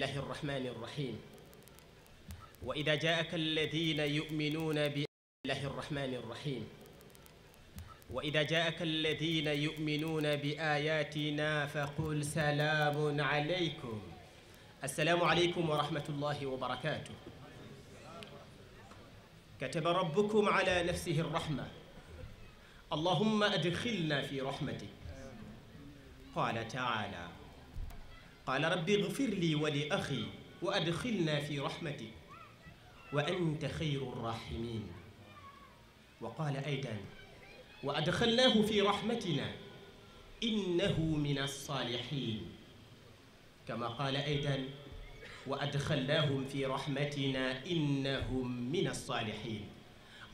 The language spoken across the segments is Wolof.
الله الرحمن الرحيم وإذا جاءك الذين يؤمنون بالله الرحمن الرحيم وإذا جاءك الذين يؤمنون بآياتنا فقل سلام عليكم السلام عليكم ورحمة الله وبركاته كتب ربكم على نفسه الرحمة اللهم أدخلنا في رحمتك قال تعالى قال رب اغفر لي ولأخي وأدخلنا في رحمتك وأنت خير الراحمين وقال أيضا وأدخلناه في رحمتنا إنه من الصالحين كما قال أيضا وأدخلناهم في رحمتنا إنهم من الصالحين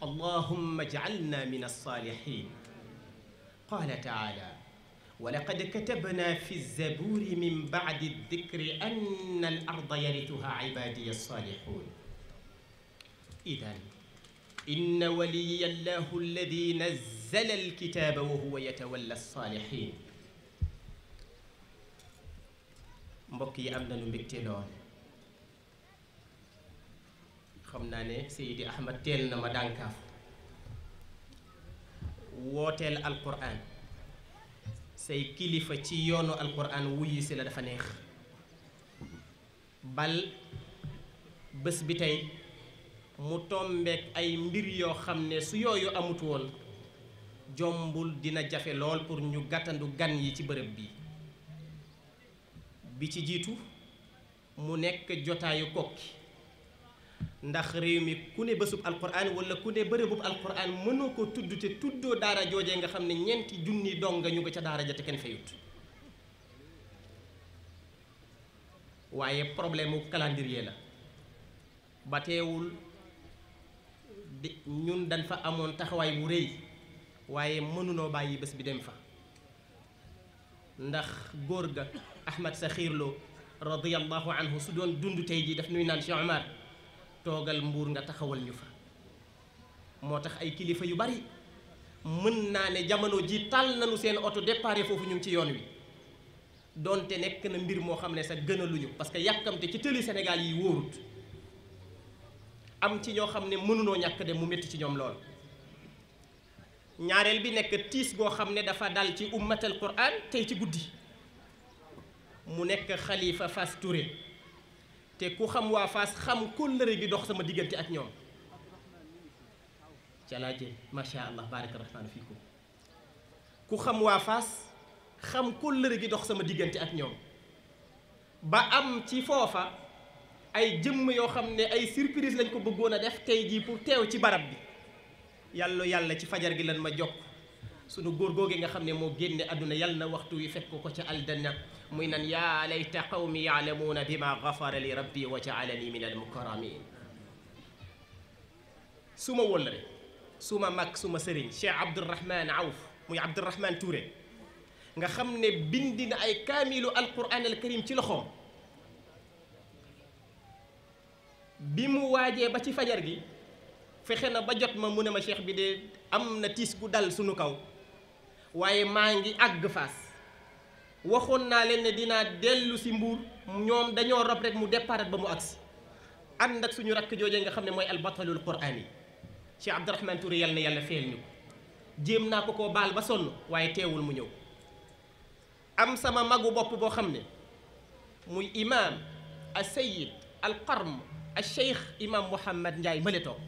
اللهم اجعلنا من الصالحين قال تعالى ولقد كتبنا في الزبور من بعد الذكر أن الأرض يرثها عبادي الصالحون إذا إن ولي الله الذي نزل الكتاب وهو يتولى الصالحين مبكي أمنا نمكتلون nañu سيدي أحمد xam naa ne القرآن say kilifa ci yoonu alquran wuyu la dafa neex bal bés bi tey mu tombeek ay mbir yoo xam ne su yooyu amut woon jombul dina jafe lool pour ñu gàttandu gan yi ci bërëb bi bi ci jiitu mu nekk jotaayu kokki ndax réew mi ku ne bésub alquran wala ku ne bërëbub alquran mënoo ko tudd te tuddoo daara joojee nga xam ne ñeenti junni donga ñu ko ca daara ja te kenn fayut waaye problème mu calendrier la ba teewul di ñun dañ fa amoon taxawaay bu rëy waaye mënuloo bàyyi bés bi dem fa ndax góor ga Ahmad Saxiir Lo radiyallahu anhu su doon dund tey jii daf nuy naan Cheikh Omar toogal mbuur nga taxawal ñu fa moo tax ay kilifa yu bari mën naa ne jamono ji tàll nañu seen oto départ foofu ñu ci yoon wi donte nekk na mbir moo xam ne sax gënaluñu parce que yàkkamte ci tëli senegal yi wóorut am ci ñoo xam ne mënunoo ñàkk dem mu métti ci ñoom lool ñaareel bi nekk tiis boo xam ne dafa dal ci ummatal Qur'an tey ci guddi mu nekk Khalifa Fass Touré te ku xam waa Fass xam kóllëre gi dox sama diggante ak ñoom ci alaaje macha allah baraka ku xam waa Fass xam kóllëre gi dox sama diggante ak ñoom ba am ci foofa ay jëmm yoo xam ne ay surprise lañ ko bëggoon a def tey jii pour teew ci barab bi yàlla yàlla ci fajar gi lan ma jokk sunu góor googu nga xam ne moo génne àdduna yàlla na waxtu wi fekk ko ko ca aljanna muy nan yaa layta qawmi ya'lamuuna bima ghafara li rabbi wa ja'alani min al-mukarramin suma wëllëre suma mag suma sëriñ Cheikh Abdourahman Awf muy Abdourahman Touré nga xam ne bindi na ay kaamilu alquran alkarim ci loxoom bi mu waajee ba ci fajar gi fexe na ba jot ma mu ne ma cheikh bi de am na tiis gu dal sunu kaw waaye maa ngi àgg faas waxoon naa leen ne dinaa dellu si mbuur ñoom dañoo rob rek mu départ ba mu agsi ànd ak suñu rakk joojee nga xam ne mooy albatalul quraan yi Cheikh Abdourahmane Touré yàlla yàlla feel ñu ko jéem naa ko koo ba sonn waaye teewul mu ñëw am sama magu bopp boo xam muy imaam al sayid al qarm al cheikh imaam Mouhamad Ndiaye mële toog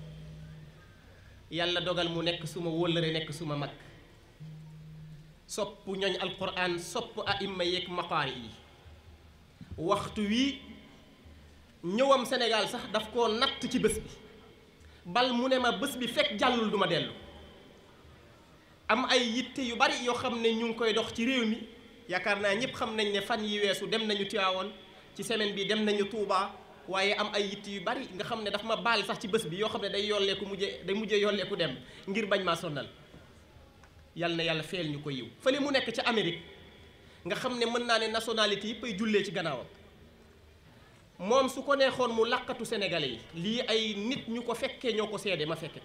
yàlla dogal mu nekk suma wóllëre nekk suma sopp ñooñ alquran sopp aima yeeg maqaari yi waxtu wi ñëwam Sénégal sax daf koo natt ci bés bi bal mu ne ma bés bi fekk jàllul duma dellu am ay yitte yu bari yoo xam ne ñu ngi koy dox ci réew mi yaakaar naa ñëpp xam nañ ne fan yi weesu dem nañu Tiwaawoon ci semaine bi dem nañu Touba waaye am ay yitte yu bari nga xam ne daf ma baal sax ci bés bi yoo xam ne day yolleeku mujje day mujje yolleeku dem ngir bañ maa sonnal yal na yàlla feel ñu ko yiw fële mu nekk ca Amérique nga xam ne mën naa ne nationalité yëpp ay jullee ci gannaawam moom su ko neexoon mu làqatu sénégalais yi lii ay nit ñu ko fekkee ñoo ko seede ma fekke ko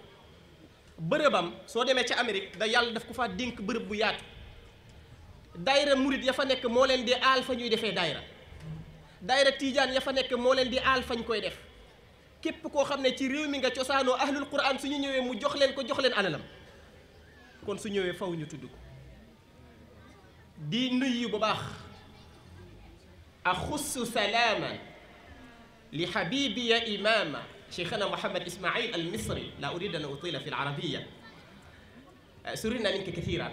bërëbam soo demee ca Amérique da yàlla daf ko faa dénk bërëb bu yaatu daayira murit ya fa nekk moo leen di aal fa ñuy defee daayira daayira tiijaan ya fa nekk moo leen di aal fañ koy def képp koo xam ne ci réew mi nga cosaanoo ahlul quran su ñu ñëwee mu jox leen ko jox leen alalam kon su ñëwee faw ñu tudd ko di nuyu bu baax axussu salaaman li xabibiya imama شيخنا محمد إسماعيل المصري لا أريد أن أطيل في العربية سرنا منك كثيرا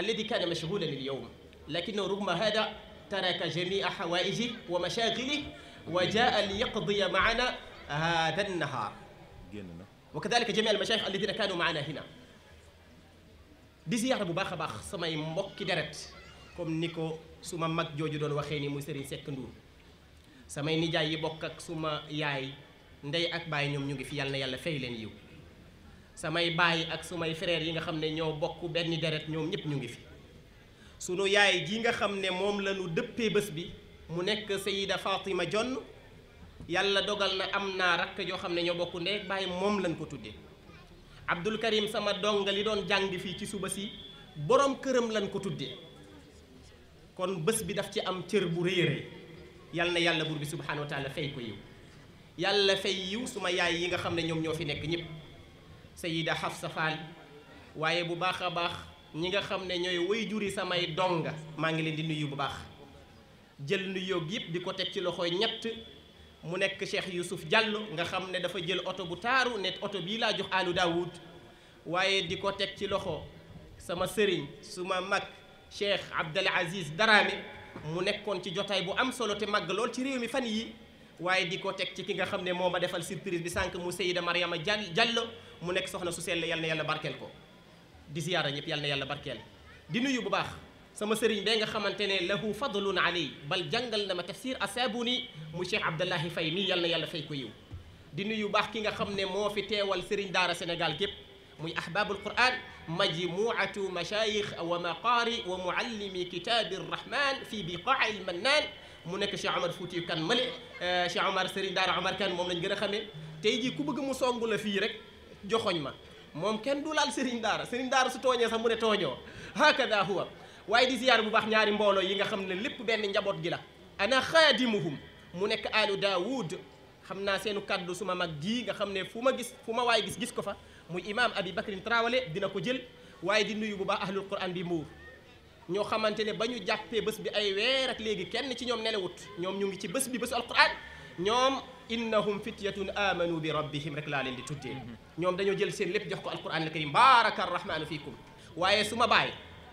الذي كان مشغولا اليوم لكنه رغم هذا ترك جميع حوائجه ومشاغله وجاء ليقضي معنا هذا النهار وكذلك جميع المشايخ الذين كانوا معنا هنا di bu baax a baax samay mbokki deret comme ni ko su ma mag jooju doon waxee ni muy Serigne Seck Ndour samay nijaay yi bokk ak suma yaay ndey ak baay ñoom ñu ngi fi yàlla na yàlla fay leen yiw samay baay ak sumay frères yi nga xam ne ñoo bokk benn deret ñoom ñëpp ñu ngi fi sunu yaay ji nga xam ne moom la ñu dëppee bés bi mu nekk Sayida Fatima Jonn yàlla dogal na am naa rakk yoo xam ne ñoo bokk ndey ak baay moom lañ ko tuddee Abdul Karim sama donga li doon jàng fii ci suba si boroom këram lañ ko tuddee kon bés bi daf ci am cër bu rëy rëy yal na yàlla buur bi subhaanahu wa taala ko yiw yàlla fay yiw suma yaay yi nga xam ne ñoom ñoo fi nekk ñëpp Sayida Hafsa Fall waaye bu baax a baax ñi nga xam ne ñooy way juri samay donga maa ngi leen di nuyu bu baax jël nuyoo yëpp di ko teg ci loxoy ñett mu nek Cheikh yusuf Diallo nga xamne dafa jël auto bu taru net auto bi la jox alu Daoud waye diko tek ci loxo sama serigne suma mag Cheikh Abdal Aziz darami mu nekkon ci jotay bu am solo te mag lol ci réew mi fan yi waye diko tek ci ki nga xamne moma defal surprise bi sank mu sayyida maryama Diallo mu nek soxna su sel yal yàlla barkel ko di ziyara ñep yal yàlla barkel di nuyu bu baax. sama serigne be nga xamantene lahu fadlun ali bal jàngal na ma tafsir asabuni mu cheikh abdallah faymi mii yàlla fay ko yiw di nuyu bax ki nga xamne mo fi teewal serigne dara sénégal gep muy ahbabul quran majmuatu mashayikh wa maqari wa muallimi kitaabi rahman fi biqaai lmannaan mu nek cheikh omar fouti kan male cheikh omar serigne dara omar kan mom lañu gëna xamé tay ji ku bëgg mu songu la fi rek joxoñ ma mom ken du laal sëriñ daara sëriñ daara su toñe sax mu ne toño hakada huwa waaye di ziar bu bax ñaari mbolo yi nga xamne lépp ben njabot gi la ana khadimuhum mu nek alu daoud xamna senu kàddu suma mag gi nga xamne fuma gis fuma way gis gis ko fa muy imam abi bakr trawale dina ko jël waaye di nuyu bu ba ahlul quran bi mbuur ño xamantene bañu jappé bés bi ay wër ak légui kenn ci ñom nelewut ñom ñu ngi ci bés bi bës alquran ñom innahum fityatun amanu bi rabbihim rek la leen di tuddé ñom dañu jël seen lépp jox ko alquran al karim baraka arrahmanu fikum waye suma ma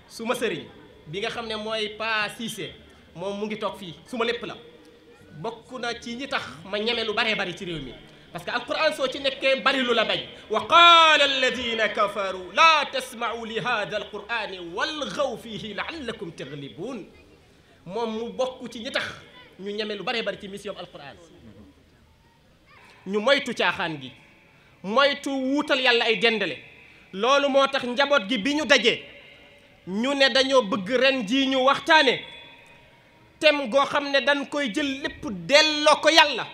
suma serigne bi nga xam ne mooy Pa Cissé moom mu ngi toog fii su ma lépp la bokk na ci ñi tax ma ñeme lu baree bari ci réew mi parce que alquran soo ci nekkee bari lu la bañ wa qaala alladina kafaru laa tasma'u li hada alqurani walgaw fihi laallakum taglibuun moom mu bokk ci ñi tax ñu ñeme lu baree bari ci mission alquran ñu moytu caaxaan gi moytu wuutal yàlla ay dendale loolu moo tax njaboot gi bi ñu dajee ñu ne dañoo bëgg ren jii ñu waxtaane tem goo xam ne dañ koy jël lépp delloo ko yàlla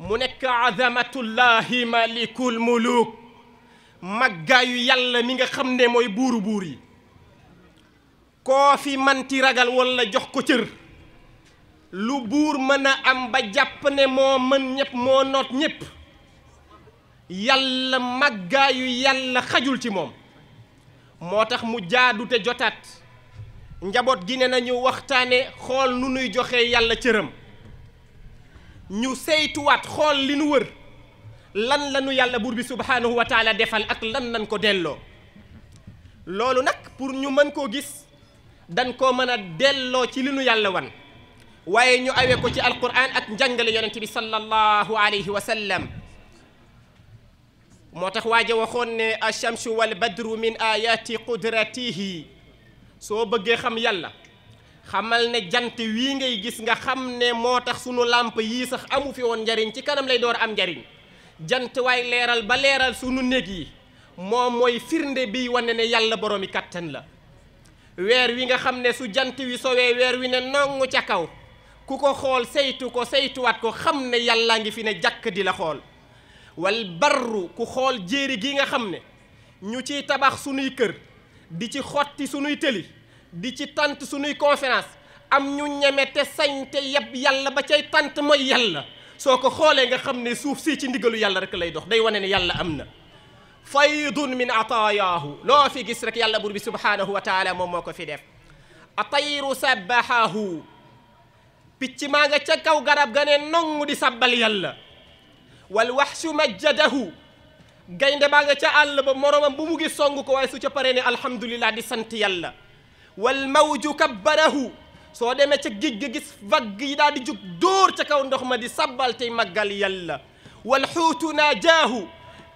mu nekk azamatullahi malikul muluk màggaayu yàlla mi nga xam ne mooy buuru buur yi koo fi manti ragal walla jox ko cër lu buur mën a am ba jàpp ne moo mën ñëpp moo noot ñëpp yàlla màggaayu yàlla xajul ci moom moo tax mu jaadu te jotaat njaboot gi ne nañu waxtaane xool lu nuy joxe yàlla cëram ñu seytuwaat xool li nu wër lan lanu yàlla buur bi subhaanahu wa taala defal ak lan lañ ko delloo loolu nag pour ñu mën koo gis dañ koo mën a delloo ci li nu yàlla wan waaye ñu awee ko ci alquran ak njàngale yonente bi sallallahu alayhi wa sallam moo tax waaje waxoon ne achamsu wal badru min ayati qudratihi soo bëggee xam yàlla xamal ne jant wii ngay gis nga xam ne moo sunu lampe yi sax amu fi won njariñ ci kanam lay door am njariñ jant way leral ba leral sunu néeg yi moom mooy firnde bi wane ne yàlla boroomi kàttan la wer wi nga xamne su jant wi sowe wer wi ne nongu ci kaw kuko xol seytu ko seytu wat ko xamne yalla yàllaa ngi fi ne jak di la xol wal barru ku xool jéeri gi nga xam ne ñu ciy tabax sunuy kër di ci xotti sunuy tëli di ci tant sunuy conférence am ñu ñeme te sañ te yeb yàlla ba cay tant mooy yàlla soo ko xoolee nga xam ne suuf si ci ndigalu yàlla rek lay dox day wane ne yàlla am na faydun min ataayaahu loo fi gis rek yàlla buur bi subhaanahu wa taala moom moo ko fi def atayru sabbahaahu picc maa nga ca kaw garab ga ne nongu di sabbal yàlla walwaxsu majjadahu gaynde baa nga ca àll ba moromam bu mu gis song ko waaye su ca paree ne alhamdulillah di sant yàlla wal mawju kabbarahu soo demee ca géej ga gis vagg yi daal di jug dóor ca kaw ndox ma di sabbal tey màggal yàlla wal xuutu naajaahu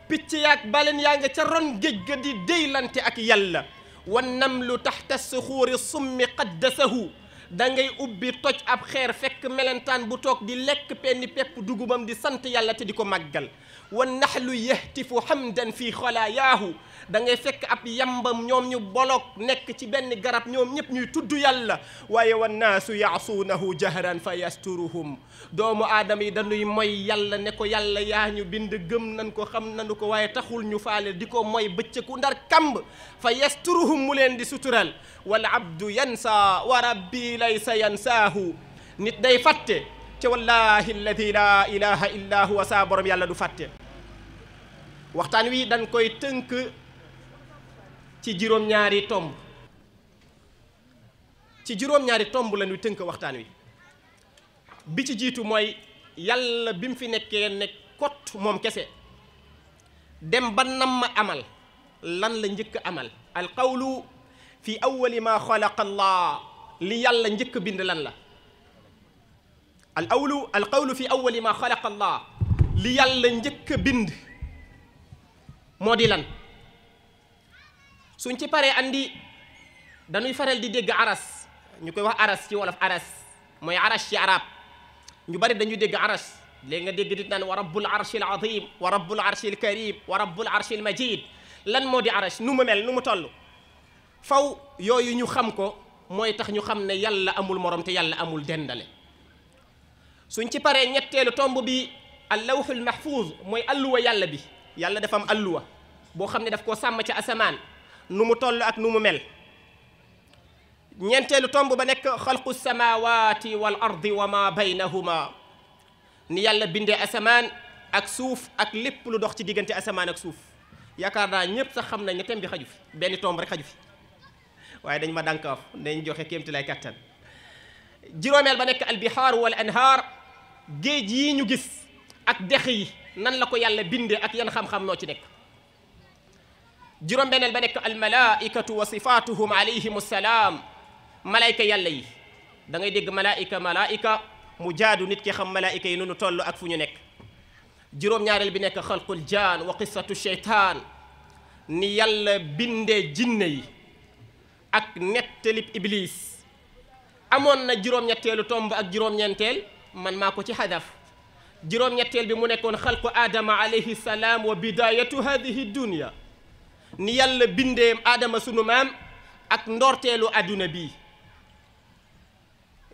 picc yaag balen yaa nga ca ron géej ga di déylante ak yàlla wan namlu taxta suxuuri summi qaddasahu da ngay ubbi toj ab xeer fekk mellentaan bu toog di lekk penn pepp dugubam di sant yàlla te di ko maggal màggal lu naxlu yahtifu hamdan fii xolaayaahu da ngay fekk ab yambam ñoom ñu bolog nekk ci benn garab ñoom ñëpp ñuy tudd yàlla waaye wannaasu yaasuunahu jahran fa yasturuhum doomu aadama yi dañuy moy yàlla ne ko yàlla yaa ñu bind gëm nañ ko xam nañu ko waaye taxul ñu faale di ko moy bëccëku ndar kàmb fa yasturuhum mu leen di sutural wal abdu yansa wa laysa yansaahu nit day fàtte te wallahi alladi laa ilaha illa huwa saa borom yàlla du fàtte waxtaan wi dañ koy tënk ci juróom-ñaari tomb ci juróom-ñaari tomb la ñuy tënk waxtaan wi bi ci jiitu mooy yàlla bi mu fi nekkee ne kot moom kese dem ba nam ma amal lan la njëkk amal alqawlu fi awwali ma xalaqa allah li yàlla ñëk bind lan la al awlu al qawlu fi awwal ma xalaqa allah li yàlla ñëk bind modi lan suñ ci paré andi dañuy faral di dégg aras ñukoy wax aras ci wolof aras moy aras ci arab ñu bari dañuy dégg aras léegi nga dégg dit nan wa rabbul arshil azim wa rabbul arshil karim wa rabbul arshil majid lan modi aras nu mu mel nu mu faw yoyu ñu xam ko moy tax ñu xamne yàlla amul morom te yàlla amul dendale suñ ci paré ñettelu tomb bi al allawxul mahfuuz mooy alluwa yàlla bi yàlla dafa am alluwa boo xam ne daf ko sam ci asaman nu mu toll ak nu mu mel ñeenteelu tomb ba nek xalqu samawati wal ardi wa ma baynahuma ni yàlla binde asaman ak suuf ak lépp lu dox ci diggante asaman ak suuf yakarna ñépp sax xamna nañ ne bi xaju fi ben tomb rek xaju fi waye dañ ma dank dànkoof dañ joxe kemti lay katan juróomeel ba nek al bihar wal anhar géej yi ñu gis ak dex yi nan la ko yàlla bindé ak yan xam-xam no ci nek juróom beneel ba al malaikatu wa sifatuhum alayhim assalam malaika yàlla yi da ngay deg malaika malaika mujadu nit ki xam malaika yi nu tollu ak fu ñu nekk juróom-ñaareel bi nek khalqul jaan wa qissatu shaytan ni yàlla binde jinne yi ak nettalib iblis amon na juroom ñettelu tomb ak juroom ñentel man mako ci hadaf juroom ñettel bi mu nekkon khalqu aadama alayhi salam wa bidayatu hadhihi dunya ni yàlla bindeem aadama sunu mam ak ndortelu aduna bi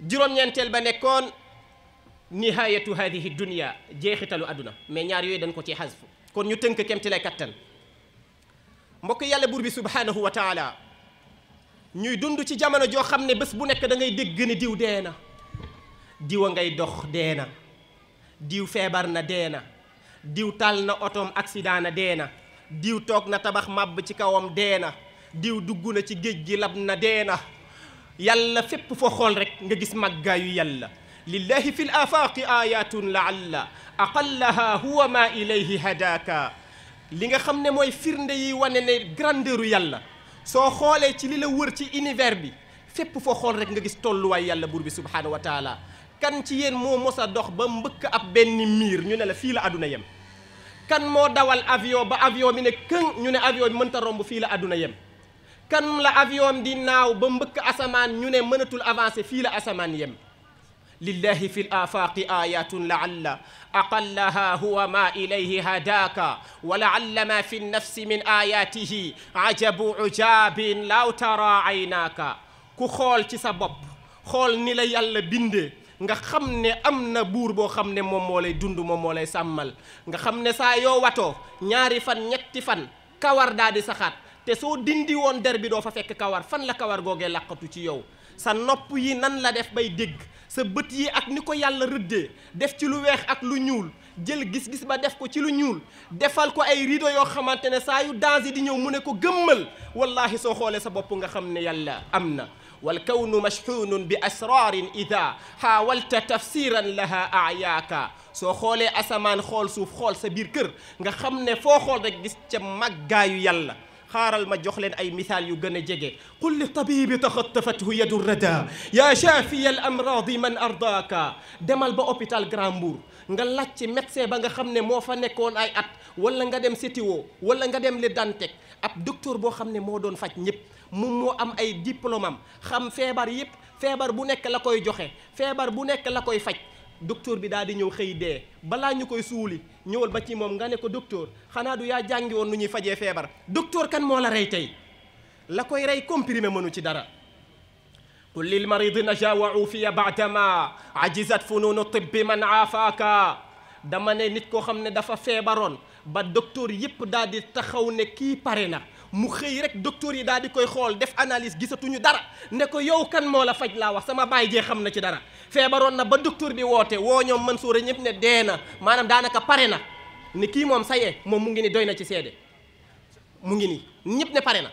juroom ñentel ba nekkon nihayatu hadhihi dunya jeexitalu aduna mais ñaar yoy dañ ko ci hazf kon ñu teunk kemtile katan mbok yàlla bur bi subhanahu wa taala ñuy dund ci jamono joo xam ne bés bu nekk da ngay dégg ne diw dee na diw a ngay dox dee na diw feebar na deena diw tal na otoom accident na dee na diw toog na tabax màbb ci kawam dee na diw dugg na ci géej gi lab na dee na yàlla fépp foo xool rek nga gis màggaayu yàlla lillahi fi l afaaqi ayatun laalla aqallaha huwa ma ilayhi hadaaka li nga xam ne mooy firnde yi wane ne grandeuru yàlla soo xoolee ci li la wër ci univers bi fépp foo xool rek nga gis tolluwaay yàlla buur bi subhaanahu wa taala kan ci yéen moo mos a dox ba mbëkk ab benn miir ñu ne la fii la àdduna yem kan moo dawal avion ba avion bi ne këng ñu ne avion bi mënta romb fii la àdduna yem kan la avion di naaw ba mbëkk asamaan ñu ne mënatul avancer fii la asamaan yem لله في الآفاق آيات لعل أقلها هو ما إليه هداك ولعل ما في النفس من آياته عجب عجاب لو ترى عيناك ku xool ci sa bopp xool ni la yàlla bindee nga xam ne am na buur boo xam lay dund moom moo lay sàmmal nga xam ne saa yoo watoo ñaari fan ñetti fan kawar daal di saxaat te so dindi woon der bi doo fa fekk kawar fan la kawar googee làqatu ci yow sa nopp yi nan la def bay dégg sa bët yi ak niko yàlla reudé def ci lu wex ak lu ñuul jël gis-gis ba def ko ci lu ñuul defal ko ay rideau yo xamantene sa yu danger di ñëw mu ne ko gëmmal wallahi so xolé sa bop nga xamne yalla amna wal na mashhun bi asrar idha حاولت tafsiran laha a'yaka so xolé asaman xol suuf xol sa bir kër nga xamne fo xol rek gis ci magga yu yàlla خارل ما جخلن أي ay misaal yu قل a تخطفته يد الردى يا شافي الأمراض rada أرضاك دمال al amradi man nga lacc médecin ba nga xamne mo fa nekkoon ay at wala nga dem CTO wala nga dem le dantek ab docteur bo xamne mo doon fajj ñep mu mo am ay diplôme am xam feebar yep feebar bu nekk la koy joxe feebar bu nekk la koy fajj docteur bi daal di ñëw xëy dee balaa ñu koy suuli ñëwal ba ci moom nga ne ko docteur xanaa du yaa jàngi woon nu ñuy fajee feebar docteur kan moo la rey tey la koy rey comprimer mënu ci dara qul lil maridi najawau fiya baadama ajizat fununu tibbi man aafaaka dama ne nit koo xam ne dafa feebaroon ba docteur yëpp daal di taxaw ne kii pare na mu xëy rek docteur yi daal di koy xool def analyse gisatuñu dara ne ko yow kan moo la faj laa wax sama baay jee xam na ci dara feebaroon na ba docteur bi woote woo ñoom Mansour ñëpp ne dee na maanaam daanaka pare na ni kii moom saye moom mu ngi ni doy na ci seede mu ngi nii ñëpp ne pare na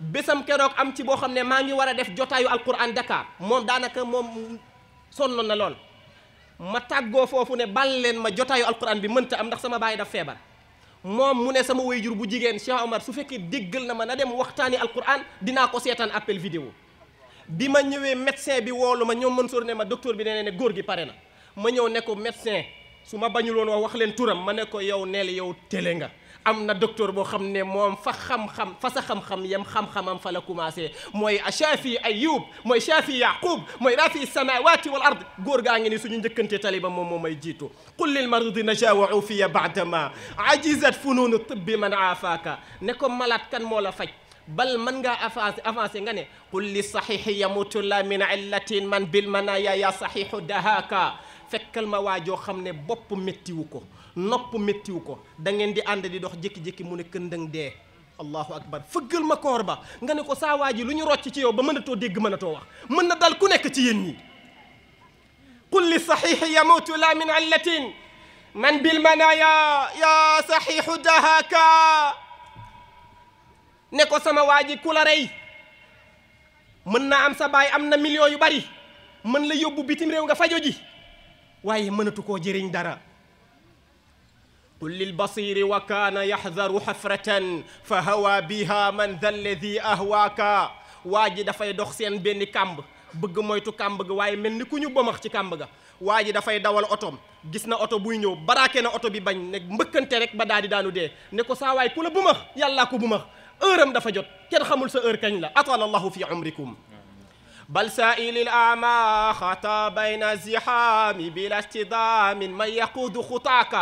bésam keroog am ci boo xam ne maa ngi war a def jotaayu alquran Dakar moom daanaka moom sonnoon na lool ma tàggoo foofu ne bal leen ma jotaayu alquran bi mënta am ndax sama baay daf feebar moom mu ne sama wayjur bu jigéen Cheikh Omar su fekkee déggal na ma na dem waxtaani alquran dinaa ko seetaan appel vidéo bi ma ñëwee médecin bi woolu ma ñoom Mansour ne ma docteur bi ne ne góor gi pare na ma ñëw ne ko médecin su ma bañuloon wax wax leen turam ma ne ko yow neel yow télé nga am na docteur boo xam ne moom fa xam-xam fa sa xam-xam yam xam-xamam fa la commencé mooy shaafi ayub mooy shaafi yaqub mooy rafi samawati wal ard góor gaa ngi ni suñu njëkkante taliba moom moo may jiitu qul lil maridi najawau fiya baadama ajizat fununu tibbi man aafaaka ne ko malaat kan moo la faj bal mën ngaa avancé avancé nga ne qul li saxiixi yamutu la min illatin man bil manaya ya saxiixu dahaaka fekkal ma waa joo xam ne bopp mettiwu ko nopp méttiwu ko da ngeen di ànd di dox jékki-jékki mu ne këndëng dee allahu akbar fëggal ma koor ba nga ne ko saa waa ji lu ñu rocc ci yow ba mënatoo dégg mënatoo wax mën na dal ku nekk ci yéen ñi qul li saxiixi yamuutu la min illatin man bil manaya ya saxiixu dahaka ne ko sama waa ji ku la rey mën naa am sa baay am na million yu bari mën la yóbbu bitim réew nga fajo ji waye meunatu ko jëriñ dara basir wa kana yahdharu hafratan fa hawa biha man dhal ladhi ahwaka waji da fay dox sen ben kàmb beug moytu kàmb ga waye melni kuñu bomax ci kàmb ga waji da fay dawal otoom gis na auto buy ñëw barake na auto bi bañ ne mbeukante rek ba daal daanu de ne ko sa way kula bumax yalla ko bumax heureum am dafa jot ken xamul sa heure kagn la atal allahu fi umrikum بل سائل الأعمى خطا بين الزحام بلا اصطدام ما يقود خطاك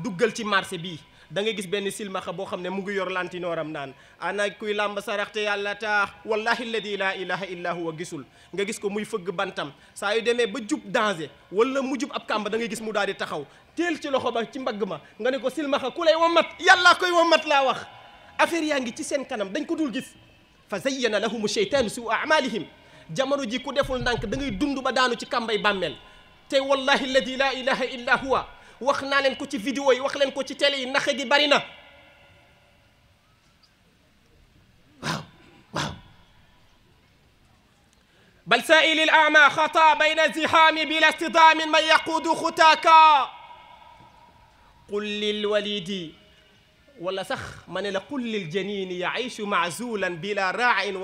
دوجل تي مارسي bi da nga gis benn silmaxa boo xam ne mu ngi yor lantinooram naan ana kuy làmb sarax yàlla taax wallahi alladi laa ilaha illa huwa gisul nga gis ko muy feug bantam sa yu deme ba jub danger wala mu jub ab kamba da nga gis mu dadi taxaw tel ci loxo ba ci mbag ma nga ne ko silmaxa ku lay wamat yalla koy wamat la wax affaire yaangi ci sen kanam dañ ko dul gis fa zayyana lahum sheytaanu su amalihim jamono ji ku deful ndànk da ngay dund ba daanu ci kàmbay bammel te wallahi alladi laa ilaha illa huwa wax naa leen ko ci vidéo yi wax len ko ci télé yi naxe gi bari na waaw waaw bal saaili l ama xata bayna zihaami bila stidaamin man yaquudu xutaaka qul lil walidi wala sax ma ne la qul lil janini yaishu maazulan bila raain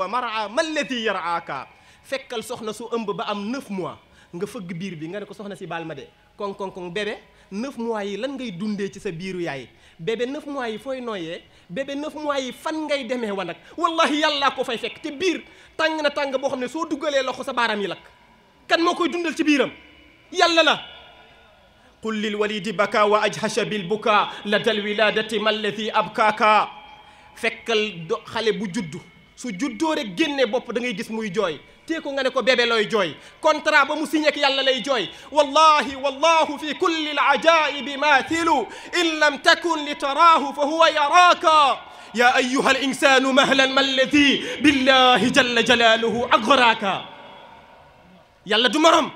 fekkal soxna su ëmb ba am 9 mois nga feug bir bi nga ne ko soxna ci balma de kon kon kon bébé 9 mois yi lan ngay dundé ci sa biru yaay bébé 9 mois yi foy noyé bébé 9 mois yi fan ngay démé wa nak wallahi yalla ko fay fekk te bir tàng na tàng bo xamné so soo loxo sa baram yi lak kan mo koy dundal ci biram yàlla la قل للوليد walidi واجهش wa لدى الولاده ما الذي ابكاكا فكل خالي بو جودو سو جودو juddu su بوب داغي جيس موي جوي تيكو غاني كو بيبي لوي جوي كونترا با مو سيني يالا لاي جوي والله والله في كل العجائب ماثل ان لم تكن لتراه فهو يراك يا ايها الانسان مهلا ما الذي بالله جل جلاله اغراك يلا دمرم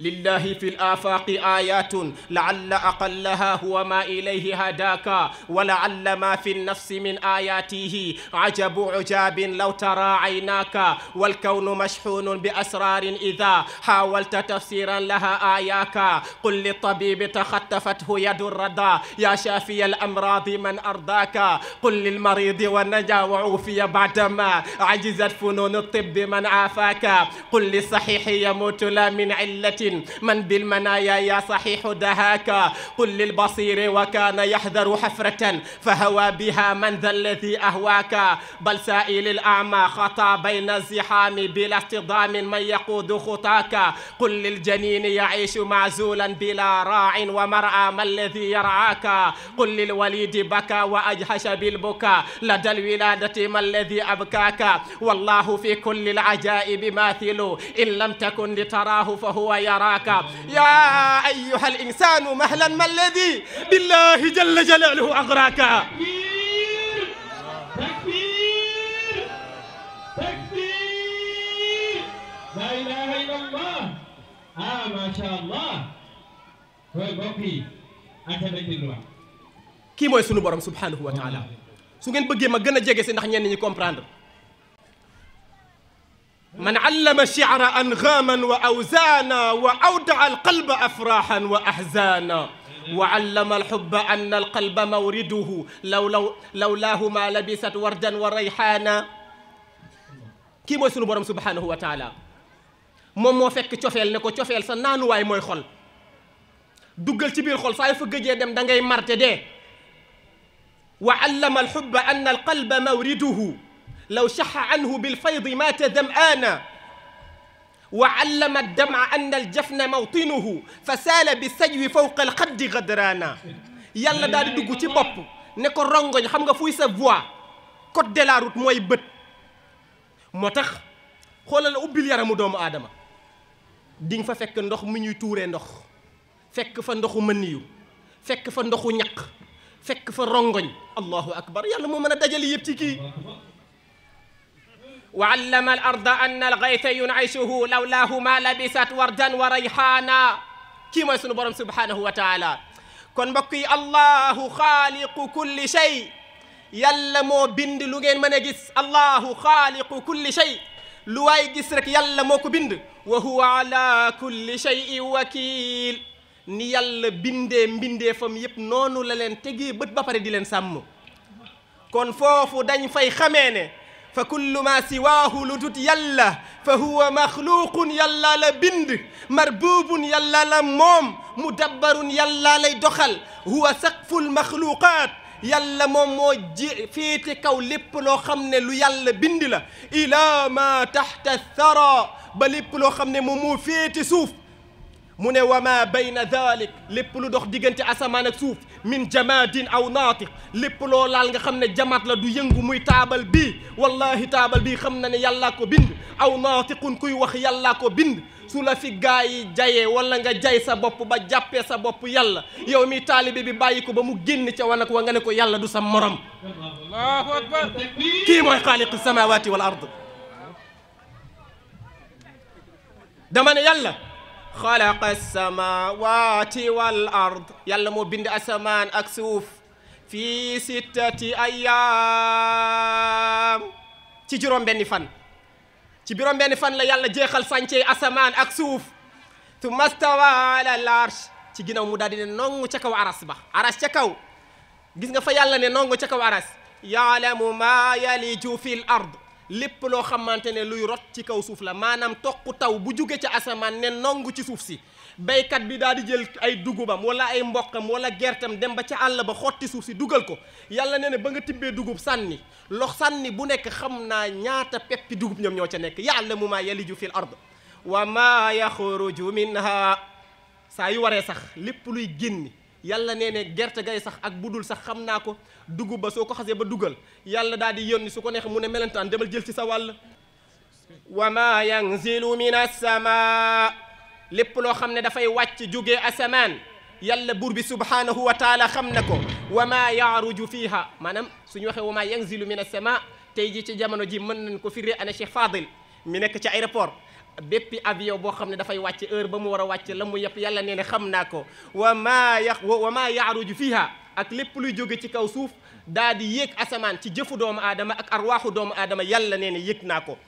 لله في الآفاق آيات لعل أقلها هو ما إليه هداك ولعل ما في النفس من آياته عجب عجاب لو ترى عيناك والكون مشحون بأسرار إذا حاولت تفسيرا لها آياك قل للطبيب تخطفته يد الردى يا شافي الأمراض من أرضاك قل للمريض والنجا وعوفي بعدما عجزت فنون الطب من عافاك قل للصحيح يموت لا من علة من بالمنايا يا صحيح دهاك قل للبصير وكان يحذر حفرة فهوى بها من ذا الذي أهواك بل سائل الأعمى خطى بين الزحام بلا اصطدام من يقود خطاك قل للجنين يعيش معزولا بلا راع ومرعى ما الذي يرعاك قل للوليد بكى وأجهش بالبكاء لدى الولادة ما الذي أبكاك والله في كل العجائب ماثل إن لم تكن لتراه فهو يا يراك يا أيها الإنسان مهلا ما الذي بالله جل جلاله أغراك تكبير تكبير تكبير لا إله إلا الله آه ما شاء الله koy mbokk yi kii mooy sunu borom subhanahu wa taala su ngeen bëggee ma gën a jege si ndax ñenn ñi comprendre من علم شعر أنغاما وأوزانا وأودع القلب أفراحا وأحزانا وعلم الحب أن القلب مورده لو لو لولاه ما لبست وردا وريحانا كي موي سونو بروم سبحانه وتعالى موم مو فك تيوفيل نكو تشوفيل سا واي موي خول دوجال سي بير خول سا يفا گيجي دم داغي مارتي دي وعلم الحب ان القلب مورده لو شح عنه بالفيض مات دمآنا وعلم الدمع أن الجفن موطنه فسال بالسجو فوق القد غدرانا يلا دار دوغو تي بوب نيكو رونغوج خمغا فوي سا فوا كوت دي لا روت موي بت موتاخ خولال اوبيل يارام دوم ادم دين فا فك ندوخ مي نيو توري ندوخ فك فا ندوخو منيو فك فا ندوخو نياق فك فا رونغوج الله اكبر يلا مو مانا داجالي ييب تي كي وعلم الأرض أن الغيث ينعشه لولاه ما لبست وردا وريحانا كيما يسنبرم سبحانه وتعالى كون بكي الله خالق كل شيء يلمو بند لغين من جس الله خالق كل شيء لواي جسرك يلموك بند وهو على كل شيء وكيل ni yalla binde فم fam yep nonu la len tegi beut ba pare di len sam kon fofu dañ fay xamene فكل ما سواه لدود يلا فهو مخلوق يلا لبند مربوب يلا لموم مدبر يلا ليدخل هو سقف المخلوقات يلا مومو جي فيتي كاو ليب لو خامني لو يلا بند الى ما تحت الثرى بليب لو خامني مومو فيتي سوف من وما بين ذلك لبلو دخ ديغنتي اسمان سوف من جمادين او ناطق لبلو لالغا خمنا جماد لا دو ينغو موي تابل بي والله تابل بي خمنا ني يالا كو او ناطق كوي واخ يالا كو بين سولا في غاي جاي ولا nga جاي سا بوب با جابي سا بوب يالا يوم مي طالب بي بايكو با مو ген تي وانك وا نكو يالا دو سا مروم الله اكبر كي موي خالق السماوات والارض دمان يالا خلق السماوات والارض يلا مو بند اسمان اكسوف في ستة ايام تجرم بني فن تجرم بني فن لا يلا جيخل سانشي اسمان اكسوف ثم استوى على العرش تجينا مدادين نونو تشكاو عرس با عرس تشكاو غيسغا فا يالا ني نونغ عرس يعلم ما يلج في الارض lépp loo xamante ne luy rot ci kaw suuf la maanaam toq taw bu jóge ca asamaan ne nongu ci suuf si béykat bi daal di jël ay dugubam wala ay mboqam wala gertam dem ba ca àll ba xotti suuf si dugal ko yàlla ne ne ba nga tibbee dugub sànni lox sànni bu nekk xam naa ñaata peppi dugub ñoom ñoo ca nekk ya'lamu maa yaliju fil ard waa maa yaxruju minha saa yu waree sax lépp luy génni yàlla nee gerte gay sax ak budul sax xam naa ko dugub ba soko xasse ba duggal yàlla daal yoni suko su ko neex mu ne melentaan demal jël ci sa wal wa ma yanzilu min assamaa lépp lo xamne da fay wàcc jugge asaman yàlla buur bi subhanahu wa taala xamnako wa ma suñu waxe wa ma yanzilu min assamaa tay ji ci jamono ji mën nañ ko firi ana Cheikh Fadil mi nek ci aéroport bépp avion boo xam ne dafay wàcc heure ba mu war a wàcc la mu yëpp yàlla nee ne xam naa ko wa maa ya wa maa yaaruju fiha ak lépp luy jóge ci kaw suuf daa di yéeg asamaan ci jëfu doomu aadama ak arwaaxu doomu aadama yàlla nee ne yëg naa ko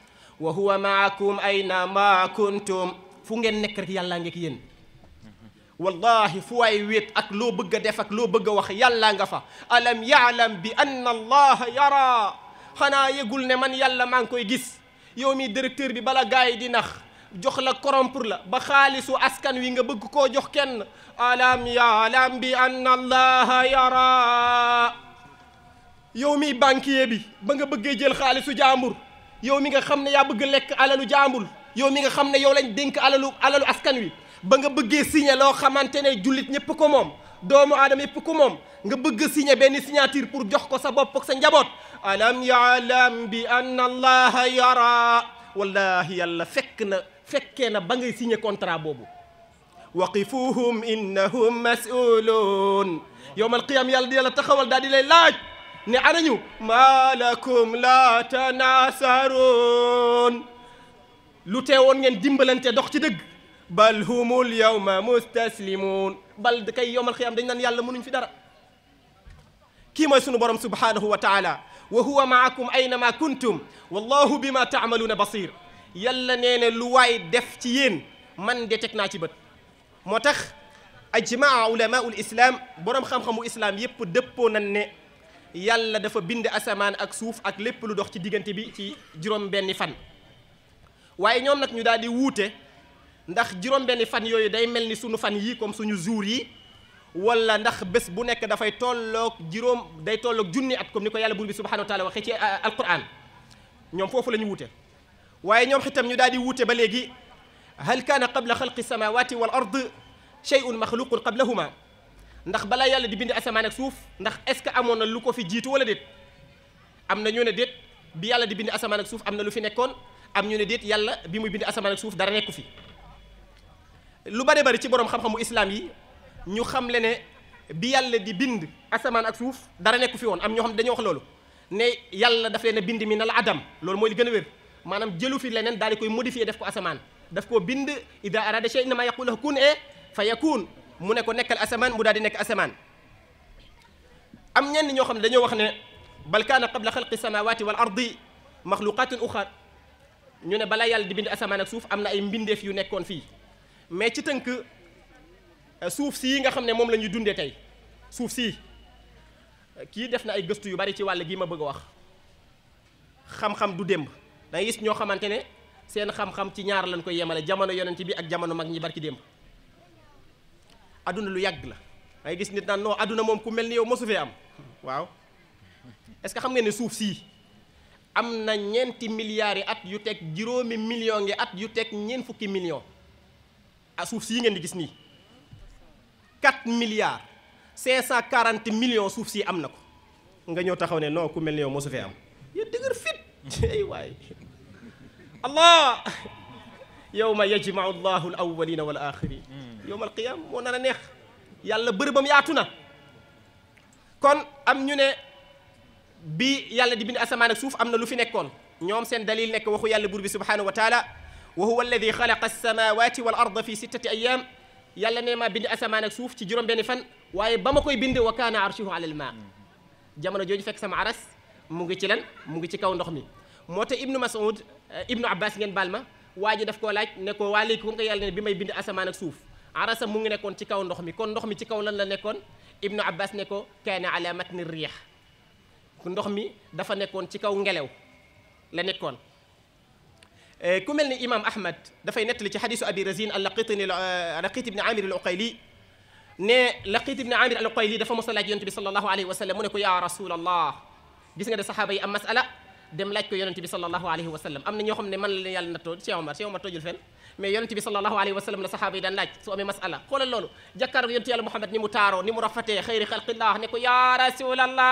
wa huwa maakum ayna ma kuntum fu ngeen nekk rek yàllaa ngeek yéen wallahi fu waay wéet ak loo bëgg a def ak loo bëgg a wax yàllaa nga fa alam yaalam bi anna allaha yara xanaa yëgul ne man yàlla maa ngi koy gis yow mi directeur bi bala gars yi di nax jox la corrompre la ba xaalisu askan wi nga bëgg koo jox kenn alam yaalam bi anna allaha yara yow mi banquier bi ba nga bëggee jël xaalisu jaambur yow mi nga xam ne yaa bëgg lekk alalu jaambul yow mi nga xam ne yow lañ dénk alalu alalu askan wi ba nga bëggee signé loo xamante ne jullit ñépp ko moom doomu aadama yëpp ku moom nga bëgg a benn signature pour jox ko sa bopp sa njaboot alam yaalam bi anna allaha yara wallahi yàlla fekk na fekkee na ba ngay signé contrat boobu waqifuhum innahum mas'ulun yowma alqiyama yàlla di la taxawal daal di lay laaj ne anañu ma lakum la tanaasaruun lu teewoon ngeen dimbalante dox ci dëgg bal humul yawma mustaslimuun بل كي يوم الخيام دنيا يلا منين في دار كيما سنو برم سبحانه وتعالى وهو معكم أينما كنتم والله بما تعملون بصير يلا نين لواي دفتيين من ديتك ناتي بد متخ أجمع علماء الإسلام برم خام خمو إسلام يبو دبو نن يلا دفا بند أسمان أكسوف أكليب لو دوختي ديغنتي بي تي جرم بني فان waye ñom nak ñu daldi wuté ndax juróom-benni fan yooyu day mel ni sunu fan yi comme suñu jour yi wala ndax bés bu nekk dafay tolloog juróom day tolloog junni at comme ni ko yàlla buur bi subhanahu wa taala waxee ci alquran ñoom foofu la ñu wuute waaye ñoom xitam ñu daal di wuute ba léegi hal kaana qabla xalqi samawati wal ard shay'un maxluqun qablahuma ndax bala yàlla di bind asamaan ak suuf ndax est-ce que amoon na lu ko fi jiitu wala déet am na ñu ne déet bi yàlla di bind asamaan ak suuf am na lu fi nekkoon am ñu ne déet yàlla bi muy bind asamaan ak suuf dara nekku fi lu bari bari ci borom xam-xamu islam yi ñu xam le ne bi yàlla di bind asamaan ak suuf dara nekku fi woon am ñoo xam ne dañoo wax loolu ne yàlla daf leen a bind mi na la adam loolu mooy li gën a wér maanaam jëlu fi leneen daal di koy modifier def ko asamaan daf koo bind ida arada shay'an ma yaqulu lahu kun e fa yakun mu ne ko nekkal asamaan mu daal di nekk asamaan am ñenn ñoo xam ne dañoo wax ne bal kana qabla xalqi samawati wal ardi makhluqatun uxar ñu ne bala yàlla di bind asamaan ak suuf am na ay mbindeef yu nekkoon fii mais ci tënk euh, suuf sii nga xam ne moom lañuy dundee tey suuf sii euh, kii def na ay gëstu yu bari ci wàll gi ma bëgg a wax xam-xam du démb da gis ñoo xamante ne seen xam-xam ci ñaar lañ ko yemale jamono yonent bi ak jamono mag ñi barki démb adduna lu yàgg la da ngay gis nit naan non adduna moom ku mel ni yow mosu fee am waaw est-ce que xam ngeen ne suuf sii am na ñeenti milliards yi at yu teg juróomi millions ngi at yu teg ñeent fukki millions suuf sii ngeen di gis nii 4 milliards 540 millions suuf sii am na ko nga ñëw taxaw ne non ku mel ne yow mosu fee am yéen dëgër fit ay waay allah yawma yajmau llahu al awalina wal axirin yowma al qiyama moo nar a neex yàlla bërëbam yaatu na kon am ñu ne bi yàlla di bind asamaan ak suuf am na lu fi nekkoon ñoom seen dalil nekk waxu yàlla buur bi subhanahu wa taala وهو الذي خلق السماوات والارض في سته ايام يلا نيما بيني اسمانك سوف تي جوروم بن فان واي باما كوي بيند وكان عرشه على الماء جامانو جوجي فك سما عرس موغي تي لان موغي تي كاو نخمي موتا ابن مسعود ابن عباس نين بالما واجي داف كو لاج نيكو واليك كونك يالا ني بيماي بيند اسمانك سوف عرس موغي نيكون تي كاو نخمي كون نخمي تي كاو لان لا نيكون ابن عباس نيكو كان على متن الريح كون نخمي دا فا نيكون تي كاو نغلاو لا نيكون ku mel ni imam ahmad dafay nettali ci xadisu abi razin al laqitini laqit ibni amir al uqayli ne laqit ibni amir al uqayli dafa mos a laaj yonent bi sallallahu alayhi wa sallam mu ne ko yaa rasulallah gis nga de saxaaba yi am masala dem laaj ko yonent bi sallallahu alayhi wa sallam am na ñoo man la yàlla natto Cheikh Omar Cheikh Omar tojul fen mais yonent bi sallallahu alayhi wa sallam la saxaaba yi daan laaj su amee masala lolu jakkar jàkkaaroo yonent yàlla Muhammad ni mu taro ni mu rafetee xëyri xalqillah ne ko yaa rasulallah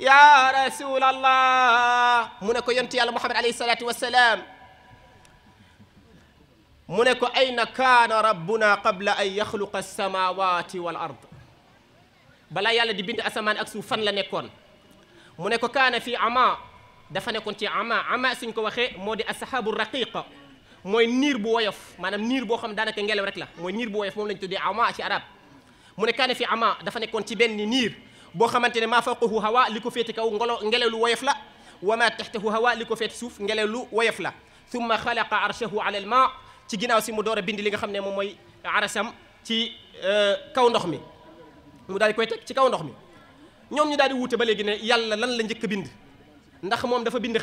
يا رسول الله منكو ينتي يا محمد عليه الصلاه والسلام منكو اين كان ربنا قبل ان يخلق السماوات والارض بلا يالا دي بنت أسامان اكسو فن لنكون نيكون منكو كان في عما دا فا تي عما عما سنكو وخي مودي الصحاب الرقيق موي نير بو ويف مانام نير بو خام دانك نغيلو رك لا موي نير بو ويف موم لا نتودي عما شي عرب منكو كان في عما دا فا نيكون تي بن نير bo xamantene ma faqahu hawa liko ko kaw ngolo ngelelu wayef la wama tahtahu hawa liko ko suuf ngelaw la thumma khalaqa arshahu ala alma ci ginaaw si mu door bind li nga xamne mom moy arasam ci kaw ndokh mi mu dal koy tek ci kaw ndokh mi ñom ñu dal di wute ba léegi ne yàlla lan la njëkk bind ndax mom dafa bind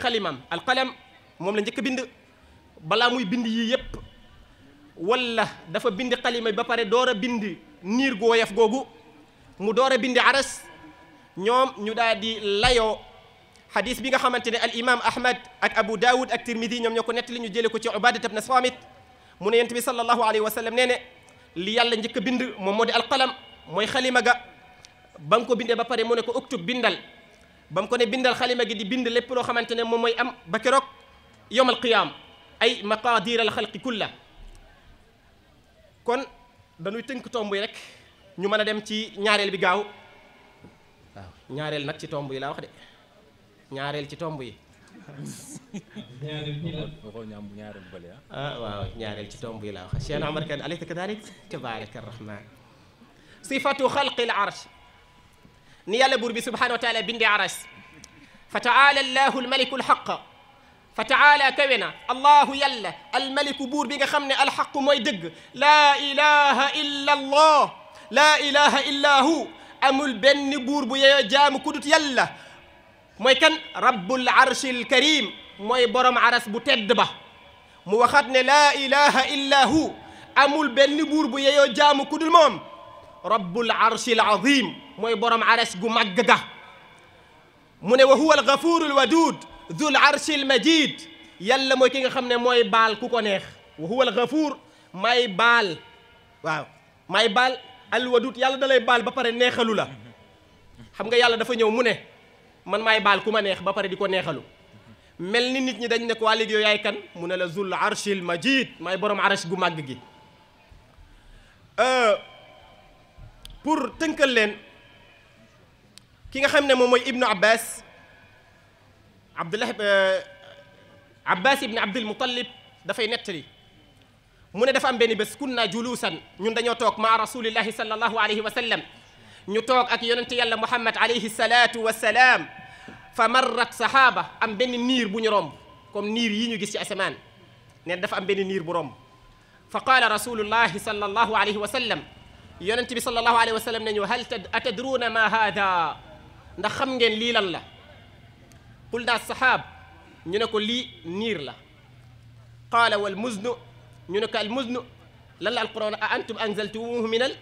al qalam mom la njëkk bind bala muy bind yi yépp wala dafa bind xalima ba pare doora bind niir gu mu doora bind aras ñoom ñu daal di layoo xadis bi nga xamante al imam ahmad ak abu daawud ak tirmidi ñoom ñoo ko nett li ñu jële ko ci ubadat ibn samit mu ne yent bi sallallahu alayhi wa sallam nee li yàlla njëkk bind moom moo di alqalam mooy xalima ga ba ko bindee ba pare mu ne ko uktub bindal ba ko ne bindal xalima gi di bind lépp loo xamante ne moom mooy am ba keroog yowm alqiyaam ay maqadir al xalqi kulla kon dañuy tënk tomb yi rek ñu mën a dem ci ñaareel bi gaaw ñaarel nak ci tombu yi la wax de ñaarel ci tombu yi ñaarel ci tombu yi la wax cheikh amar kan alayka kadalik tabarak arrahman sifatu khalqi al'arsh ni yàlla bur bi subhanahu wa taala bindi aras fa taala allahu almaliku haqq fa taala kawe allah yalla al malik bur bi nga xamne al haqq moy deug la ilaha illa allah la ilaha illa hu amul benn bour bu yeyo jaamu ku dut yàlla moy kan rabbul arshil karim moy borom aras bu tedd ba mu waxat ne la ilaha illa hu amul benn bour bu yeyo jaamu ku dul rabbul arshil azim moy borom aras gu magga ga mu ne wa huwa al gafurul wadud dul arshil majid yàlla mooy ki nga xam ne mooy baal ku ko neex wa huwa al gafuur may waaw may baal alwadut yàlla da lay baal ba pare neexalu la xam nga yàlla dafa ñëw mu ne man maay baal ku ma neex ba pare di ko neexalu mel ni nit ñi dañ ne ko waa léegi yow yaay kan mu ne la zul arshil majid maay borom arash gu màgg gi pour tënkal leen ki nga xam ne moom mooy ibnu abbas abdullah abbas ibnu abdul muttalib dafay nettali mu ne dafa am benn bés kunna julusan ñun dañoo toog maa rasulillahi sallallahu alayhi wa sallam ñu toog ak yonente yàlla muhammad alayhi salaatu wa salaam fa marrat sahaaba am benn niir bu ñu romb comme niir yi ñu gis ci asamaan ne dafa am benn niir bu romb fa qala rasulullahi sallallahu alayhi wa sallam yonente bi sallallahu alayhi wa sallam ne ñu hal atadruuna ma haada ndax xam ngeen lii lan la qul naa sahaab ñu ne ko lii niir la qaala wal ñu ne ko al muzn lan la alquran a antum anzaltumuhu min al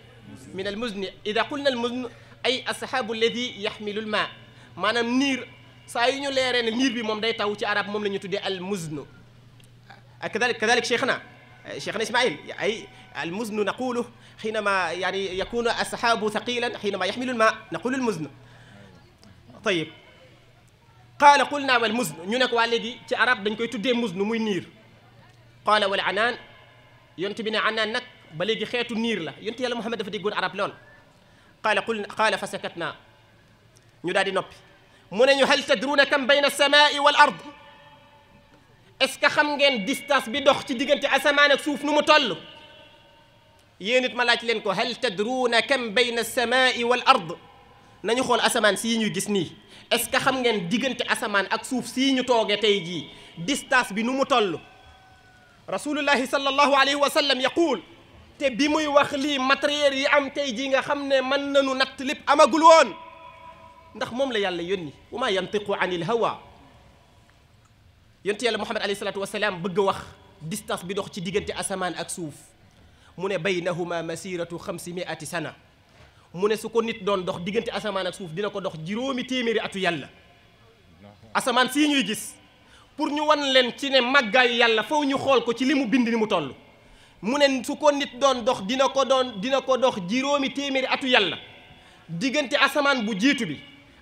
min al muzni ida qulna al muzn ay ashabu alladi yaxmilu l ma maanaam niir saa yu ñu leeree ne niir bi moom day taw ci arab moom la ñu tuddee al muzn كذلك كذلك شيخنا شيخنا اسماعيل اي المزن نقوله حينما يعني يكون السحاب ثقيلا حينما يحمل الماء نقول المزن طيب قال قلنا والمزن نيو نك والدي تي عرب دنج كوي تودي مزن موي نير قال والعنان يونت بينا عنا نك بلغي خيتو نير لا يونت يالا محمد دا غور عرب لول قال قل قال فسكتنا ني دادي نوبي من ني هل تدرون كم بين السماء والارض اسك خم نين ديستانس بي دوخ سي اسمان اك سوف نمو تول يينيت ما هل تدرون كم بين السماء والارض ناني خول اسمان سي ني غيس اسك خم نين ديغنتي اسمان اك سوف سي ني توغي تاي جي ديستانس بي رسول الله صلى الله عليه وسلم يقول تي بيموي واخ لي ماتريير يي ام تي جيغا خامني مان نانو نات ليب اماغول وون نдах موم لا يالا يوني وما ينطق عن الهوى ينت يالا محمد عليه الصلاه والسلام بغ واخ ديستانس بي دوخ سي ديغنتي اسمان اك سوف مون بينهما مسيره 500 سنه مون سوكو نيت دون دوخ ديغنتي اسمان اك سوف دينا كو دوخ جيرومي تيميري اتو يالا اسمان سي نيو جيس pour ñu wan leen ci ne màggaayu yàlla faw ñu xool ko ci li mu bind li mu toll mu ne su ko nit doon dox dina ko doon dina ko dox juróomi téeméeri atu yàlla diggante asamaan bu jiitu bi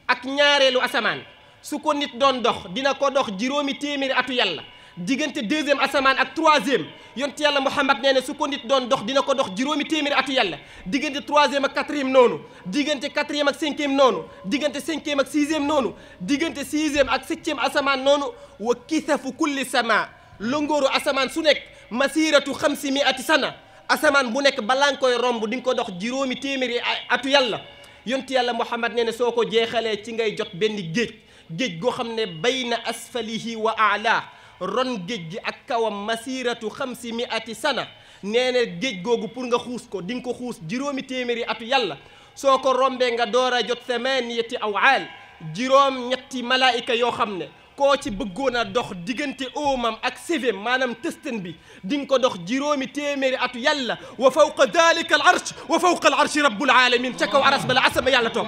ak ñaareelu asamaan su ko nit doon dox dina ko dox juróomi téeméeri atu yàlla digënté deuxième asaman ak troisième yonent yàlla Muhammad néna su ko nit doon dox dina ko dox juróomi témir at yàlla digënté troisième ak quatrième nonu digënté quatrième ak cinquième nonu digënté cinquième ak sixième nonu digënté sixième ak septième asaman nonu wa kisafu kulli sama longoru asaman su nek masiratu xamsi sana asaman bu nek balang koy rombu ding ko dox juróomi témir atu yàlla yonent yàlla Muhammad néna soko jéxalé ci ngay jot benn géej géej go xamné bayna asfalihi wa a'laa ron géej gi ak kawam masiratu 500 sana nee géej gogu pour nga xuus ko ding ko xuus juróomi temeri atu yàlla soko rombe nga dora a jot samaniyati awal juróom ñetti malaika yo xamne ko ci beggona dox diggante oomam ak sévém manam tësten bi ding ko dox juróomi temeri atu yàlla wa fawq dalika al arsh wa fawq al arsh rabbul alamin takaw kaw aras bala yàlla tok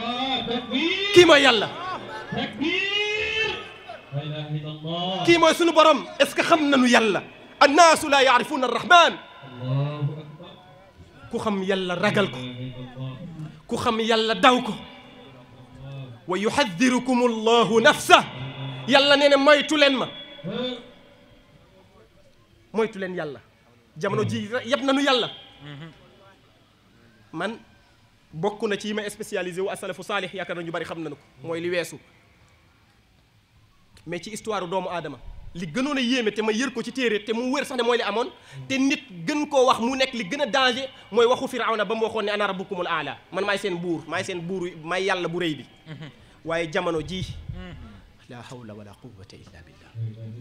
kii mooy yàlla كي ما سنو برم اسك خمنا نو يلا الناس لا يعرفون الرحمن كو خم يلا رجلكو كو خم يلا داوكو ويحذركم الله نفسه يلا نين ما يتولن ما ما يتولن يلا جامنو جي يبنا نو يلا من بوكو نتي ما سبيسياليزي صالح يا يباري خمنا نكو موي لي ويسو mais ci histoire doomu adama li gënoon a yéeme te ma yër ko ci téré te mu wër sax ne moy li amone te nit gën ko wax mu nek li gën danger moy waxu fir'auna ba mu waxoon ana rabbukumul aala man may seen bour may seen bour may yàlla bu rëy bi waye jamono ji la hawla wala quwwata illa billah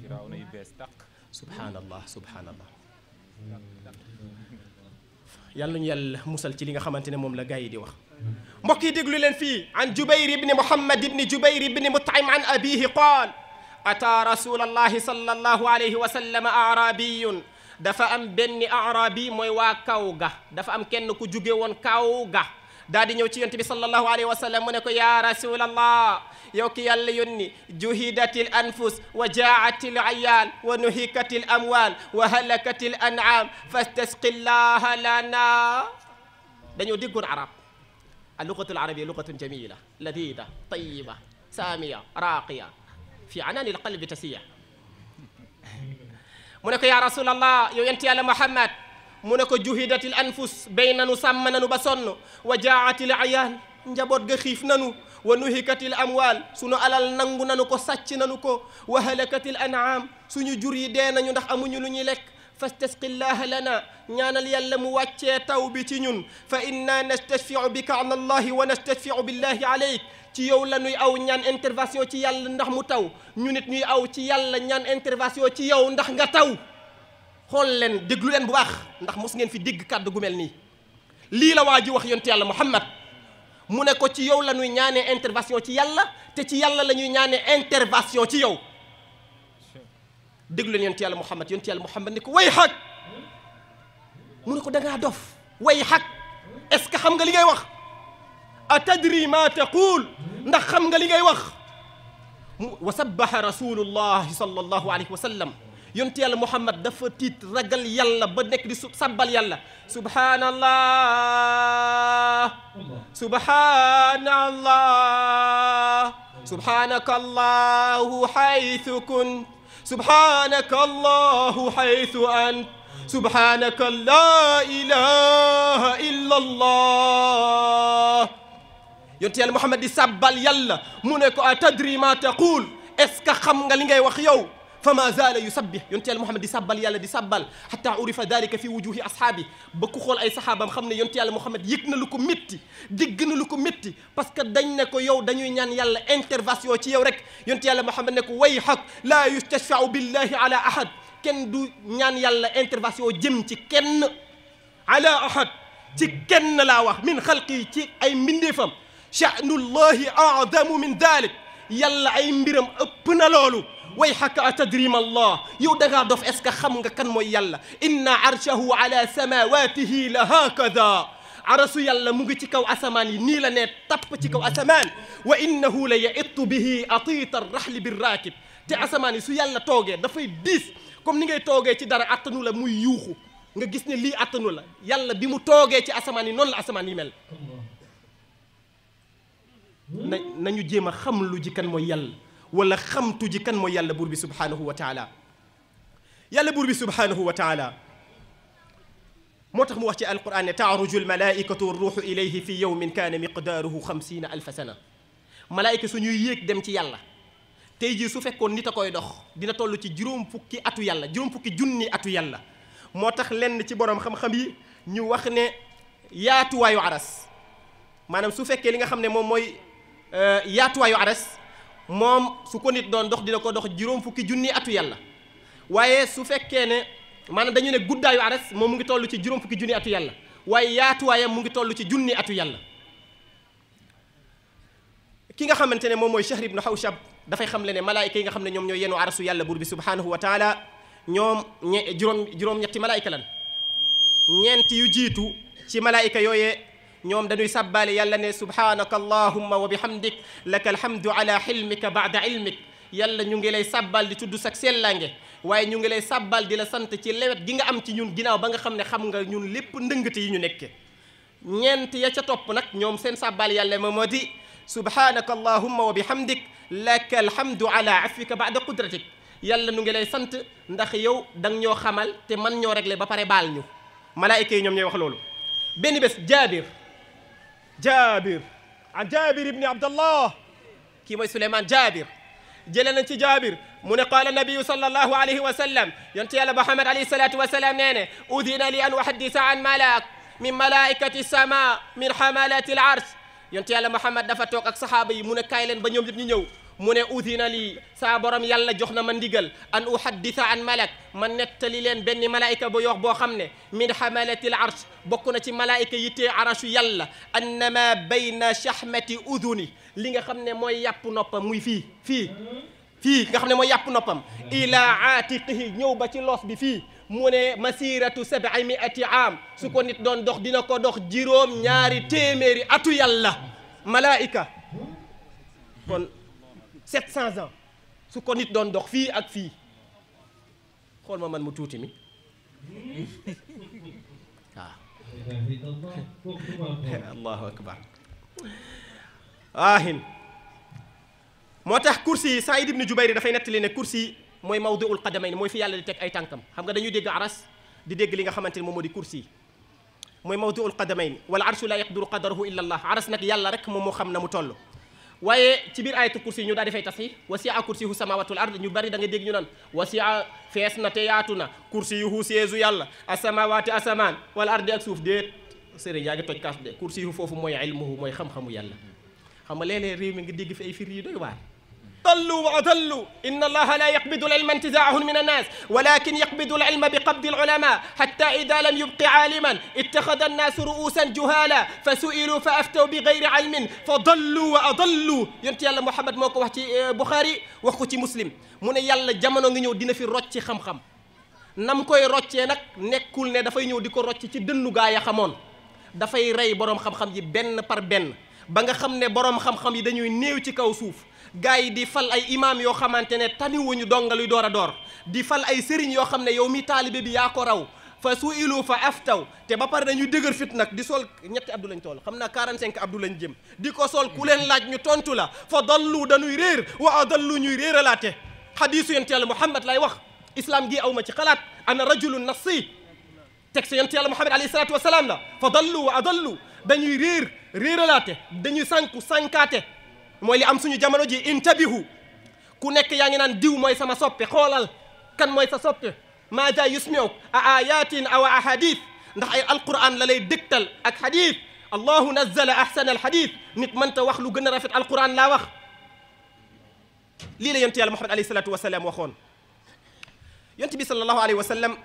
fir'auna yi bes tak subhanallah subhanallah yàlla ñu yàlla musal ci li nga xamante ne moom la gaay di wax mbokk yi déglu leen fi an jubayr ibn muhammad ibn jubayr ibn mut'im an abeehi qala أتى رسول الله صلى الله عليه وسلم أعرابي دفا أم بني أعرابي مويوا كاوغا دفا أم كن كجوجيون كاوغا دادي نيوتي ينتي صلى الله عليه وسلم منكو يا رسول الله يوكي اللي يني جهدت الأنفس وجاعت العيال ونهكت الأموال وهلكت الأنعام فاستسق الله لنا دانيو ديكو العرب اللغة العربية لغة جميلة لذيذة طيبة سامية راقية في عنان القلب تسيح منكو يا رسول الله يوينتي على محمد منكو جهدت الأنفس بين نسمنا نبصن وجاعت العيان نجبر خيفنا ونهكت الأموال سنو على النغنا نكو ساتشنا نكو وهلكت الأنعام سنو جريدين نحن أمون لك فاستسق الله لنا نانا ليلا مواتشي تاو بتنون فإنا نستشفع بك عن الله ونستشفع بالله عليك تي يولا نوي أو نان انترفاسيو تي يالا ندح متاو نونت نوي أو تي يالا نان انترفاسيو تي يو ندح نغتاو خول بواخ ندح موسنين في دق كاد دقومل ليلا واجي وخي ينتي محمد مونة كو تي يولا نوي نان انترفاسيو تي يالا تي يالا انترفاسيو تي déglu leen yàlla muhammad yent yàlla muhammad ni ko way hak mu ne ko da nga dof way hak est-ce xam nga li ngay wax atadri ma taqul ndax xam nga li ngay wax wa sabbaha rasulullah sallallahu alayhi wa sallam yent yàlla muhammad dafa tit ragal yàlla ba nek di sabbal yàlla subhanallah subhanallah subhanaka allahu haythu kunt سبحانك الله حيث أنت سبحانك لا إله إلا الله يونتي محمد سبال يلا مونيكو أتدري ما تقول اسكا خمغا لنجي وخيو فما زال يسبح ينتي محمد دي يالا دي سبل حتى عرف ذلك في وجوه اصحابي بكخول اي صحابه خمنا يونتي يالا محمد يكن لكم متي دغن لكم متي باسكو دنج نكو يو دانيو نيان يالا انترفاسيون تي يو رك ينتي يالا محمد نكو وي حق لا يستشفع بالله على احد كن دو نيان يالا انترفاسيون جيم تي كن على احد تي كن لا واخ من خلقي تي اي منديفم شان الله اعظم من ذلك يالا اي مبرم ابنا لولو ويحك أتدري ما الله يودغا دوف اسكا خمغا كان مو يالا إن عرشه على سماواته لهكذا عرسو يالا موغي تي كاو اسمان ني لا نيت تاب تي كاو اسمان وانه ليئت به اطيط الرحل بالراكب تي اسمان سو يالا توغي دا فاي ديس كوم ني غي توغي اتنو لا موي يوخو nga gis ne lii attanu la yàlla bi mu toogee ci asamaan yi noonu la asamaan yi mel na nañu jéem wala xamtu ji kan mooy yàlla buur bi subhaanahu wa taala yàlla buur bi subhaanahu wa taala moo tax mu wax ci alquran ne taaruju almalaikatu warruuxu ilayhi fi yowmin kaana miqdaaruhu xamsiina alfa sana malaayka suñuy yéeg dem ci yàlla tey jii su fekkoon nit a koy dox dina toll ci juróom fukki atu yàlla juróom fukki junni atu yàlla moo tax lenn ci borom xam-xam yi ñu wax ne yaatuwaayu aras maanaam su fekkee li nga xam ne moom mooy yaatuwaayu aras moom su ko nit doon dox dina ko dox juróom fukki junni atu yàlla waaye su fekkee ne maanaam dañu ne guddaayu aras moom mu ngi toll ci juróom fukki junni atu yàlla waaye yaatuwaayam mu ngi toll ci junni atu yàlla ki nga xamante ne moom mooy Shahr xaw Hawshab dafay xam le ne malaayika yi nga xam ne ñoom ñooy yenu arasu yàlla buur bi subhaanahu wa taala ñoom ñe juróom juróom-ñetti malaayika lan ñeent yu jiitu ci malaayika yooyee ñoom dañuy sàbbaale yàlla ne subhanaka allahumma wa bihamdik laka alhamdu ala xilmika baada ilmik yàlla ñu ngi lay sàbbal di tudd sag sellaange waaye ñu ngi lay sàbbal di la sant ci lewet gi nga am ci ñun ginnaaw ba nga xam ne xam nga ñun lépp ndëngati yi ñu nekke ñeent ya ca topp nag ñoom seen sàbbal yàlla ma moo di subhanaka allahumma wa bihamdik laka alhamdu ala afika baada qudratik yàlla nu ngi lay sant ndax yow dang ñoo xamal te man ñoo réglé ba pare baal ñu malaayika yi ñoom ñooy wax loolu benn bés jaabir جابر عن جابر بن عبد الله كي سليمان جابر جلنا انت جابر من قال النبي صلى الله عليه وسلم ينتي على محمد عليه الصلاة والسلام نينة أذن لي أن أحدث عن ملاك من ملائكة السماء من حملات العرش ينتي على محمد دفتوك صحابي من كايلن بنيوم جبني نيو mune ne udina lii saa borom yàlla jox na ma an uhaddisa an malak ma nettali leen benn malaika ba yox boo xam ne min xamalati l arsh bokk na ci malaayika yittee arashu yàlla annama bayna shahmati uduni li nga xam ne mooy yàpp noppam muy fii fii fii nga xam ne mooy yàpp noppam ilaa ñëw ba ci loos bi fii mu masiratu sabi am su ko nit doon dox dina ko dox juróom ñaari téeméeri atu yàlla malaayika 700 ans su ko nit doon dox fii ak fii xool ma man mu tuuti mi waaw allahu akbar waahin moo tax kursi yi Saïd ibn Jubayr dafay nettali ne kursi yi mooy mawduul qadamayni mooy fi yàlla di teg ay tànkam xam nga dañuy dégg aras di dégg li nga xamante ne moom moo di kursi yi mooy mawduul qadamayni wal arshu la yaqduru qadarahu illa allah aras nag yàlla rek moom moo xam na mu toll waaye ci biir ayatul kursi ñu daal di fay tas yi wasi'a kursiyyuhu samawati wal ard ñu bari da nga dégg ñu naan wasi'a fees na te yaatu na kursiyyuhu seesu yàlla asamawaati asamaan wal ardi ak suuf déet sëriñ yaa ngi toj kaas de kursiyyuhu foofu mooy ilmuhu mooy xam-xamu yàlla xam nga léeg-léeg réew mi nga dégg fi ay fir yu doy waar طلوا وأضلوا إن الله لا يقبض العلم انتزاعه من الناس ولكن يقبض العلم بقبض العلماء حتى إذا لم يبق عالما اتخذ الناس رؤوسا جهالا فسئلوا فأفتوا بغير علم فضلوا وأضلوا ينتي الله محمد موكو آه، بخاري وخوتي مسلم من يلا جمانو نيو دينا في روتي خم خم نام كوي روتي نك نكول ندفع نيو ديكو روتي تدنو غايا خمون دفعي ري بروم خم خم يبن بن, بر بن. ba nga xam ne boroom xam-xam yi dañuy néew ci kaw suuf gars yi di fal ay imaam yoo xamante ne taniwuñu dongaluy door a door di fal ay sëriñ yoo xam ne yow mi taalibe bi yaa ko raw fa su ilu fa aftaw te ba pare dañuy dëgër fit nag di sol ñetti abdu lañ toll xam naa 45 abdu lañ jëm di ko sol ku leen laaj ñu tontu la fa dallu dañuy réer wa adallu ñuy réeralaate xadiisu yonent yàlla Muhammad lay wax islaam gi aw ma ci xalaat ana rajulun nasi teg sa yonent yàlla Muhammad alayhi salaatu wa salaam la fa dallu wa adallu dañuy rir réeralaate dañuy sànku sankaté moy li am suñu jamono ji intabihu ku nek yaangi nan diw moy sama soppe xolal kan moy sa soppe ma ja yusmiu a ayatin aw ahadith ndax ay alquran la lay dégtal ak hadith allahu nazzala ahsana alhadith nit mënta wax lu gën a rafet alquran laa wax lii la yonte yàlla muhammad alayhi salatu wasalaam waxoon yonte bi salallahu alayhi wa sallam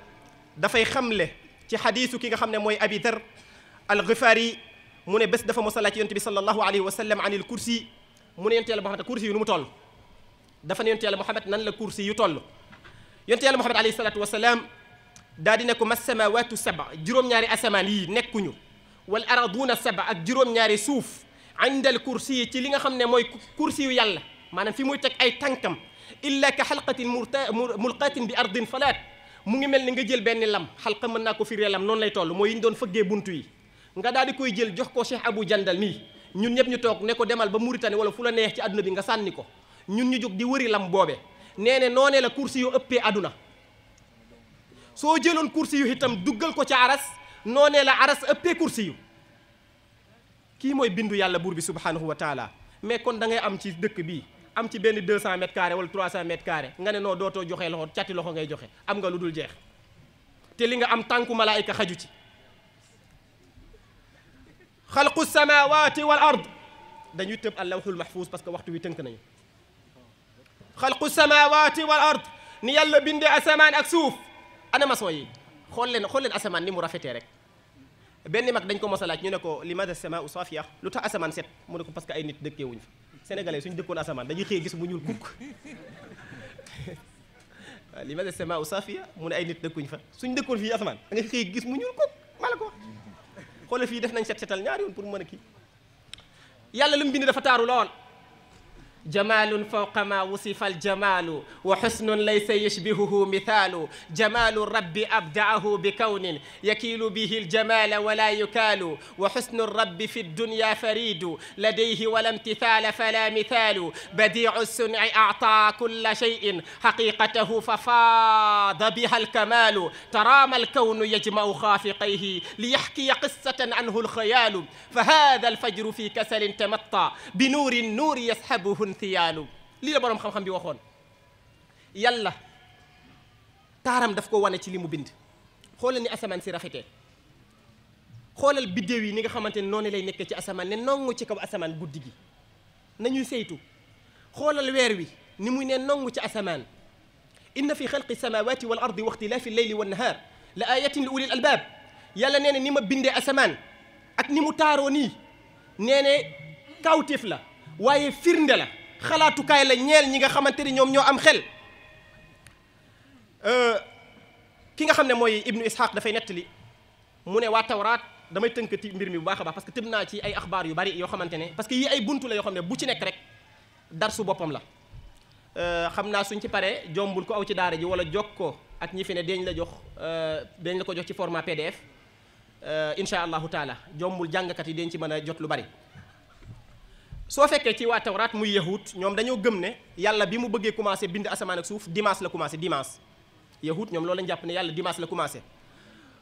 dafay xamle ci xadiisu ki nga xam ne mooy abi dar al mune bés dafa mos a laaj yonte bi sallallahu alayhi wa sallam anil kursi mune ne yonte yàlla Muhammad kursi yu nu mu toll dafa ne yonte yàlla Muhammad nan la kursi yu toll yonte yàlla Muhammad alayhi salatu wa salam di ne ko mas samawati saba jurom naari asaman yi nekkuñu wal araduuna saba ak jurom naari suuf indal kursi ci li nga xamne moy kursi yu yàlla manam fi muy tek ay tànkam illa ka halqatin mulqatin bi ardin falat mu ngi melni nga jël ben lam halqa man nako fi relam non lay toll moy yiñ doon fegge buntu yi nga daal di koy jël jox ko Cheikh abu Jandal mii ñun ñëpp ñu toog ne ko demal ba Mauritanie wala fu la neex ci àdduna bi nga sànni ko ñun ñu jóg di wëri lam boobe nee ne noonee la kursi yu ëppee àdduna soo jëloon kursi yu itam duggal ko ca aras noonee la aras ëppee kursi yu kii mooy bindu yàlla buur bi subhanahu wa taala mais kon da am ci dëkk bii am ci benn 200 mètres carrés wala 300 mètres carrés nga ne noo dootoo joxe loxo cati loxo ngay joxe am nga lu dul jeex te li nga am tànku malaayika xaju ci xalqu samawati wal ard dañuy tëb allawxul mahfuus parce que waxtu wi tënk nañu xalqu samawati wal ard ni yàlla bindee asamaan ak suuf ana maçon yi xool leen xool leen asamaan ni mu rafetee rek benn mag dañ ko mos a laaj ñu ne ko limada samaa safiya lu tax asamaan set mu ne ko parce que ay nit dëkkee wuñ fa sénégalais suñu dëkkoon asamaan dañuy xëy gis mu ñuul kukk limada samaa safiya mu ne ay nit dëkkuñ fa suñ dëkkoon fii asamaan da nga xëy gis mu ñuul kukk maa la ko wax xoolal fii def nañ set setal ñaari yoon pour mana a kii yàlla li mu bind dafa taaru lool جمال فوق ما وصف الجمال وحسن ليس يشبهه مثال جمال الرب أبدعه بكون يكيل به الجمال ولا يكال وحسن الرب في الدنيا فريد لديه ولا امتثال فلا مثال بديع الصنع أعطى كل شيء حقيقته ففاض بها الكمال ترام الكون يجمع خافقيه ليحكي قصة عنه الخيال فهذا الفجر في كسل تمطى بنور النور يسحبه imtiyaalu lii la boroom xam-xam bi waxoon yàlla taaram daf ko wane ci li mu bind xoolal ni asamaan si rafetee xoolal biddéew yi ni nga xamante ne noonu lay nekkee ci asamaan ne nongu ci kaw asamaan guddi gi nañuy saytu xoolal weer wi ni muy ne nongu ci asamaan inna fi xalqi samawati wal ardi wa ixtilaafi leyli wa nahaar la ayatin li ulil albaab yàlla nee ne ni ma bindee asamaan ak ni mu taaroo nii nee ne kawtéef la waaye firnde la xalaatukaay la ñeel ñi nga xamante ni ñoom ñoo am xel ki nga xam ne ibnu ishaq dafay nettali mu ne waa tawraat damay tënk ci mbir mi bu baax a baax parce que tëb naa ci ay axbaar yu bari yoo xamante ne parce que yi ay buntu la yoo xam bu ci nekk rek dar su boppam la xam naa suñ ci paree jombul ko aw ci daara ji wala jokk ko ak ñi fi ne dañ la jox dañ la ko jox ci format PDF incha allahu taala jombul jàngkat yi dañ ci mën jot lu bari soo fekkee ci waa tawraat muy yahud ñoom dañoo gëm ne yàlla bi mu bëggee commencé bind asamaan ak suuf dimanche la commencé dimanche yahud ñoom loolu lañ jàpp ne yàlla dimanche la commencé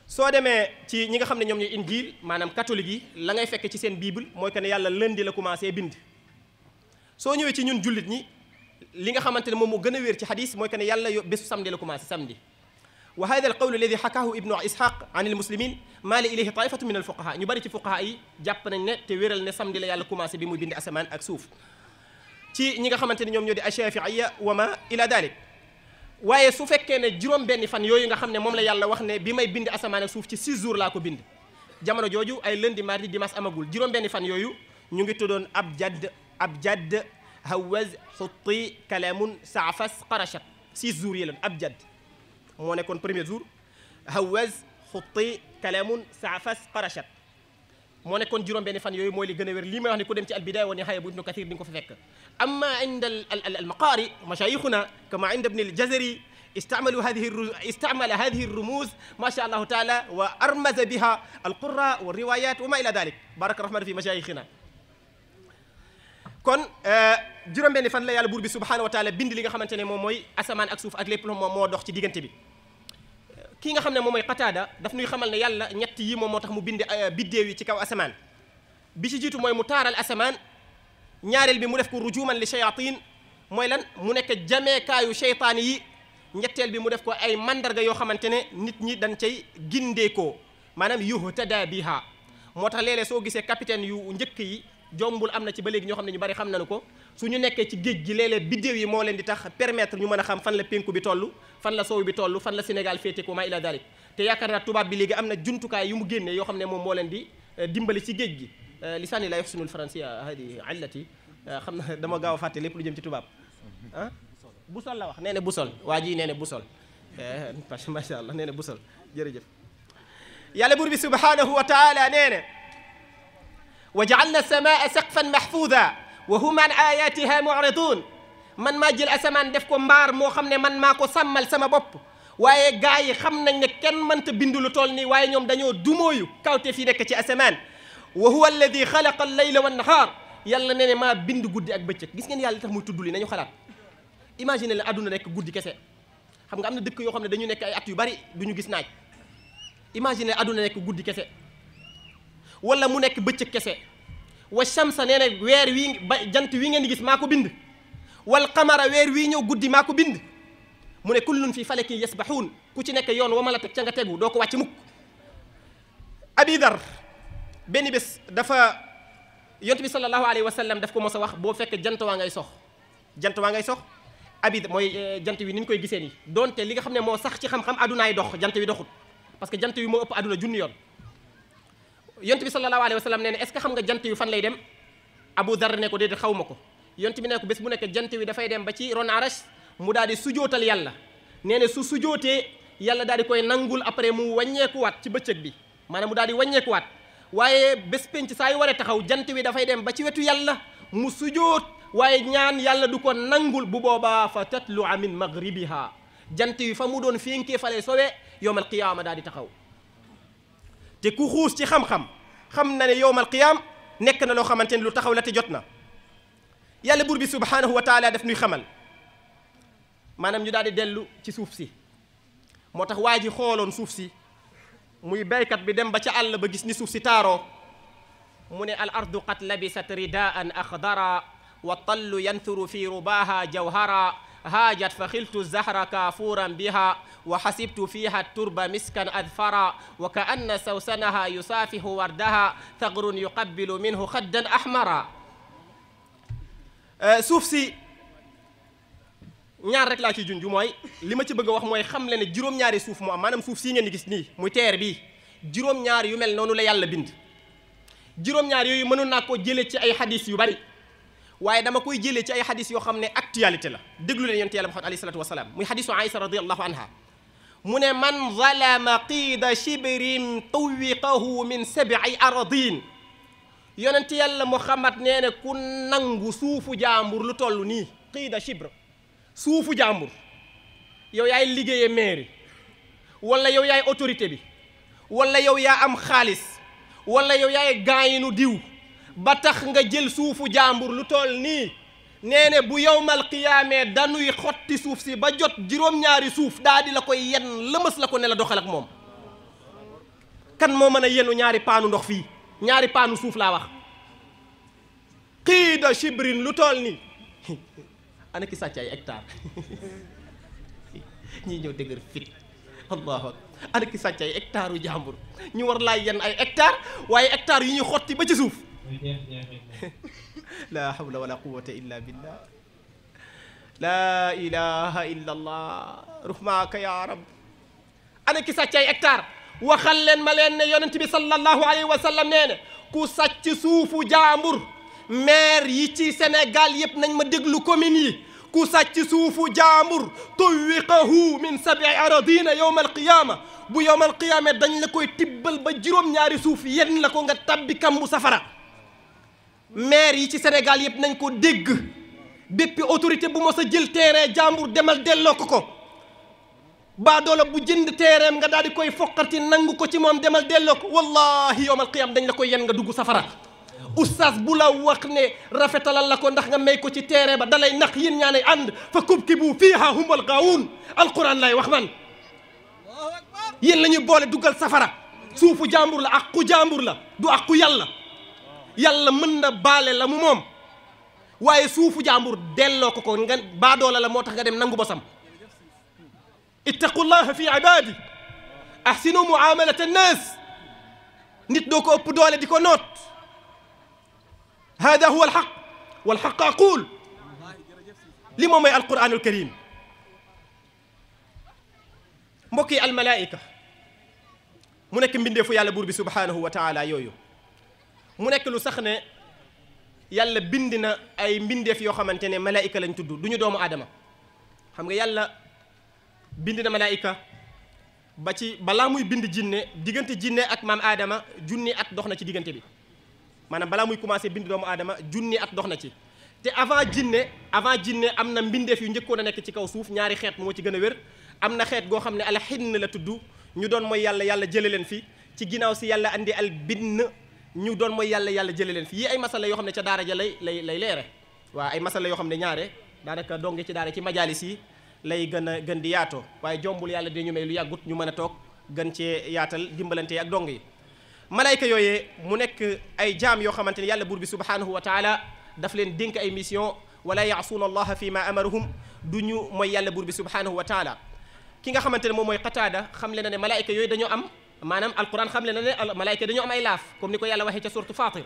soo demee ci ñi nga xam ne ñoom ñu injil maanaam catholique yi la ngay fekkee ci seen bible mooy que ne yàlla lundi la commencé bind soo ñëwee ci ñun jullit ñi li nga xamante ne moom moo gën a wér ci xadis mooy que ne yàlla bésu samedi la commencé samedi وهذا القول الذي حكاه ابن اسحاق عن المسلمين maale ilayhi taifatu min al fuqaha ñu bari ci fuqaha yi jàpp nañ ne te wéral ne samedi la yàlla commencé bi muy bind asamaan ak suuf ci ñi nga xamante ne ñoom ñoo di ashafiiya wa ma ila dalik waaye su fekkee ne juróom benn fan yooyu nga xam ne moom la yàlla wax ne bi may bind asamaan ak suuf ci six jours laa ko bind jamono jooju ay lundi mardi dimanche amagul juróom benn fan yooyu ñu ngi tuddoon ab jadd ab jadd hawaz xutti kalamun saafas qarashat six jours yi lan ab jadd هوني كون بريمير زور هواز خطي كلام سعفس قرشت موني كون جيروم بين فان يوي مولي غنوير لي ما راني كو ديمتي البدايه والنهايه بوتنو كثير نكو فيك اما عند المقاري مشايخنا كما عند ابن الجزري استعملوا هذه استعمل هذه الرموز ما شاء الله تعالى وارمز بها القراء والروايات وما الى ذلك بارك الرحمن في مشايخنا kon juróom-benni fan la yàlla bur bi subhanahu wa taala bind li nga xamantene mom moy asaman ak suuf ak lépp mom mo dox ci diggante bi ki nga xamne mom moy qatada daf ñuy xamal ne yàlla ñett yi mom motax mu bind biddéew yi ci kaw asaman bi ci jitu moy mu taral asaman ñaarel bi mu def ko rujuman li shayatin moy lan mu nekk jameekaayu shaytan yi ñettel bi mu def ko ay mandarga yoo xamante nit ñi dañ gindé ko manam yuhtada biha motax lele so leeg gisee capitaine yu njëkk yi jombul amna ci ba léegi ñoo xamné ñu bari xam nañu ko suñu nekké ci géej gi lélé leeg yi mo leen di tax permettre ñu mëna xam fan la pénku bi tollu fan la soow bi tollu fan la Sénégal fété ko ma ila dalik te yakkar na tuba bi léegi amna juntu kay yu mu génné yo xamné mom mo leen di dimbali ci géej gi lisani la yoxsunul faransiya hadi illati xamna dama gaaw faté lépp lu jëm ci tuba ah bu sol la wax néné ne bu sol waa ji nee ne bu sol macha allah nee ne bu sol jërëjëf yàlla buur bi subhanahu wa taala nee وجعلنا السماء سقفا محفوظا وهم عن اياتها معرضون من ماجل اسمان ديف مبار مو خمنا من ماكو سمال سما بوب واي غاي خمنا نك كين من تبندو لو تولني واي نيوم دانيو دومويو كاوتي في نك اسمان وهو الذي خلق الليل والنهار يلا نني ما بند غودي اك بيتك غيس نين يالا تخ موي تودولي نانيو خالات ايماجيني لا ادونا نك غودي كيسه خمغا امنا ديك يو خمنا دانيو نك اي ات يو بري دونيو غيس ناج ايماجيني ادونا نك غودي كيسه wala mu nekk bëccëg kese wa shamsa nee na weer wi ba jant wi ngeen gis maa ko bind wal qamara weer wii ñëw guddi maa ko bind mu ne kullun fi falaki yasbahuun ku ci nekk yoon wa ma la teg ca nga tegu doo ko wàcc mukk abi dar benn bés dafa yontu bi sallallahu alayhi wa sallam daf ko mos a wax boo fekk jant waa ngay sox jant waa ngay sox abi mooy jant wi ni ñu koy gisee nii donte li nga xam ne moo sax ci xam-xam adunaay dox jant wi doxut parce que jant wi moo ëpp aduna junni yoon yont bi sallallahu alayhi wa sallam nee na est-ce que xam nga jant wi fan lay dem Abu Dar ne ko déedéet xaw ma ko yont bi ne ko bés bu nekk jant wi dafay dem ba ci ron mu daal di sujootal yàlla nee na su sujootee yàlla daal di koy nangul après mu wàññeekuwaat ci bëccëg bi maanaam mu daal di wàññeekuwaat waaye bés penc saa yu waree taxaw jant wi dafay dem ba ci wetu yàlla mu sujoot waaye ñaan yàlla du ko nangul bu boobaa fa tatlu min maghribiha jant wi fa mu doon fénkee fale sowe yowmal qiyaama daal di taxaw ci ku xuus ci xam-xam xam na ne yowmal qiyam nekk na loo xamante ni lu taxaw la te jot na yàlla bur bi subhanahu wa taala daf nuy xamal maanaam ñu daal di dellu ci suuf si moo tax waa ji xooloon suuf si muy baykat bi dem ba ca àll ba gis ni suuf si taaroo mu ne al ardu qad labisat ridaan akhdara wa tallu yanthuru fi rubaha jawhara هاجت فخلت الزهر كافورا بها وحسبت فيها التربة مسكا أذفرا وكأن سوسنها يصافح وردها ثغر يقبل منه خدا أحمرا suuf si ñaar rek laa ciy junj mooy li ma ci bëgg a wax mooy xam le ne juróom-ñaari suuf moo am maanaam suuf sii ngeen di gis nii muy teer bii juróom-ñaar yu mel noonu la yàlla bind juróom-ñaar yooyu mënoon naa ko jële ci ay xadis yu bari waye dama koy jëlee ci ay hadith yo xamné actualité la déglu leen yonent yàlla Muhammad alayhi wasallam muy xadisu aisha radiyallahu anha muné man zalama qid shibrin tuwiqahu min sab'i aradin yonent yàlla Muhammad nee ku nangu suufu jaambur lu tollu ni qid shibr suufu jaambur yow yaay liggéeye maire wala yow yaay autorité bi wala yow ya am khalis wala yow yaay gaayinu diw ba tax nga jël suufu ni, lu toll ni neene danui bu yowmal qiyamé danuy xotti suuf si ba jot juróom-ñaari suuf daal di la koy yenn lemes la ko ne la doxal ak moom kan mo meuna yenu ñaari paanu ndox fi ñaari paanu suuf la wax qida shibrin lu toll ni anaki ki sàcc ay hectare ñii fit allah akbar anaki ki sàcc ay hectare ñu war laa yenn ay hectare waye hectare yi ñu xotti ba ci suuf لا حول ولا قوة إلا بالله لا إله إلا الله رحمك يا رب أنا كي ساتي أكتر وخلن ملين يونتبي صلى الله عليه وسلم نين كو ساتي سوف جامور مير يتي سنغال يب نن مدق لكميني كو ساتي سوف جامور طويقه من سبع أراضينا يوم القيامة بو يوم القيامة دن لكو تبل بجروم ناري سوف ين لكو نغتب بكم سفرة maire yi ci Sénégal yëpp nañ ko dégg bépp autorité bu mos a jël terrain jàmbur demal delloo ko ko baadoola bu jënd terrain nga daal di koy foqati nangu ko ci moom demal delloo ko wallahi yowmal qiyam dañ la koy yen nga dugg safara oustaz bu la wax ne rafetalal la ko ndax nga may ko ci terrain ba dalay nax yéen ñaanay ànd fa kubkibu fiiha humal gaawun alquran lay wax man yéen lañuy ñuy boole duggal safara suufu jàmbur la aqu jàmbur la du aqu yàlla yàlla mën na balé la mu mom waye suufu jambour delo ko ko nga baadoola la motax nga dem nangu bosam ittaqullaha fi ibadi ahsinu muamalat an-nas nit do ko upp dole diko note هذا هو الحق والحق أقول aqul li القرآن الكريم مكي الملائكة mbokk yi almalaika mu nekk mbindeefu yàlla buur bi subhanahu mu nek lu sax ne yàlla bindina ay mbindef yo xamantene malaika lañ tuddu duñu doomu adama xam nga yàlla bindina malaika ba ci bala muy bind jinne diggante jinne ak mam adama junni at doxna ci diggante bi manam bala muy commencé bind doomu adama junni at doxna ci te avant jinne avant jinne amna mbindef yu ñëkko na nek ci kaw suuf ñaari xeet mo ci gëna wér amna xeet go xamné al la tuddu ñu doon moy yàlla yàlla jële len fi ci ginaaw si yàlla andi al bin ñu doon mooy yàlla yàlla jëlee leen fi yii ay masala yoo xam ne ca daara ja lay lay lay leere waaw ay masala yoo xam ne ñaare daanaka donge ci daara ci majalis yi lay gën a gën di yaatoo waaye jombul yàlla dinañu may lu yàggut ñu mën a toog gën cee yaatal dimbalante ak dong yi malayka yooyee mu nekk ay jaam yoo xamante ne yàlla buur bi subhanahu wa taala daf leen dénk ay mission wala yaasuuna allaha fi ma amarahum du ñu mooy yàlla buur bi subhanahu wa taala ki nga xamante ne moom mooy qataada xam le na yooyu dañoo am manam alquran xam le na ne malaayka dañoo am ay laaf comme ni ko yàlla waxee ca surtu fatir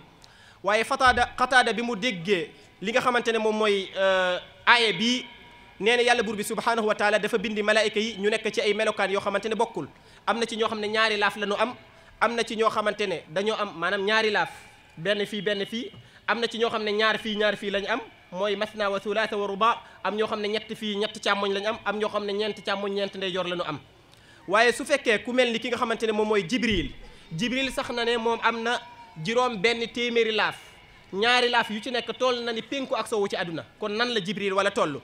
waaye fatada qatada bi mu déggee li nga xamante ne moom mooy aaya bii nee na yàlla bur bi subhanahu wa taala dafa bindi malaika yi ñu nekk ci ay melokaan yoo xamante ne bokkul am na ci ñoo xam ne ñaari laaf la ñu am am na ci ñoo xamante ne dañoo am maanaam ñaari laaf benn fii benn fii am na ci ñoo xam ne ñaar fii ñaar fii lañ am mooy masna wa thulaatha wa ruba am ñoo xam ne ñett fii ñett càmmoñ lañ am am ñoo xam ne ñeent càmmoñ ñeent jor la ñu am waye su fekke ku melni ki nga xamantene mom moy jibril jibril sax na ne mom amna na ben temeri laf ñaari laf yu ci nek toll na ni pénku ak sowu ci aduna kon nan la jibril wala tollu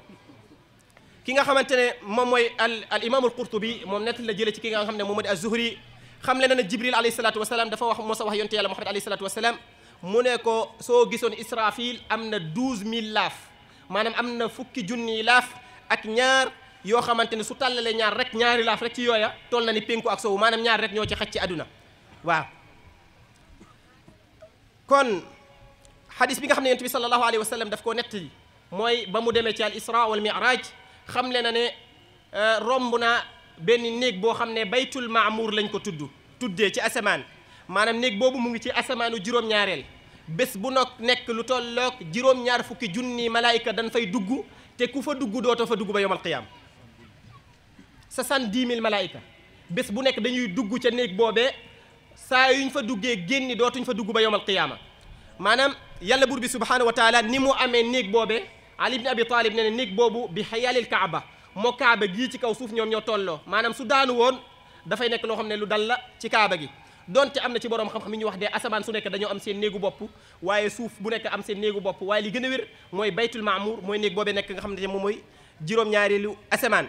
ki nga xamantene mom moy al, al al qurtubi mom net la jële ci ki nga xamne mom moom az-zuhri xam le na jibril alayhi salatu wasalaam dafa wax mosa wax yonte yàlla muhammad alayhi salatu wasalaam mune ko so gison israfil amna 12000 laf manam amna fukki junni laf ak ñaar yoo xamante ne su tàllalee ñaar rek ñaari laaf rek ci yooya tool na ni pénku ak sowu maanaam ñaar rek ñoo ci xaj ci àdduna waaw kon xadis bi nga xam ne yonent bi sallallahu alayhi wa sallam koo nettali mooy ba mu demee ci al isra wal miraaj xam le na ne euh, romb naa benn néeg boo xam ne baytul maamuur lañ ko tudd tuddee ci asamaan maanaam néeg boobu mu ngi ci asamaanu juróom-ñaareel bés bu nokk nekk lu tolloog juróom-ñaar fukki junni malaayika dañ fay dugg te ku fa dugg dootoo fa dugg ba yowmal qiyaam 70 000 malaika bés bu nek dañuy dugg ci néeg bobé sa yuñ fa duggé génni dootuñ fa dugg ba yowal qiyaama manam yàlla bur bi subhanahu wa taala nimu amé amee néeg boobee ali ibn abi talib ne ne néeg boobu bi al ka'ba mo ka'ba gi ci kaw suuf ñom ñoo tollo manam su daanu won da fay nek lo xamné lu dal la ci ka'ba gi donte am na ci borom xam-xam yi ñu wax dé asaman su nek dañu am seen néegu bop waye suuf bu nek am seen néegu bop waye li gëna wér moy baytul ma'mur moy néeg bobé nek nga xamné mo moy mooy juróom-ñaareelu asaman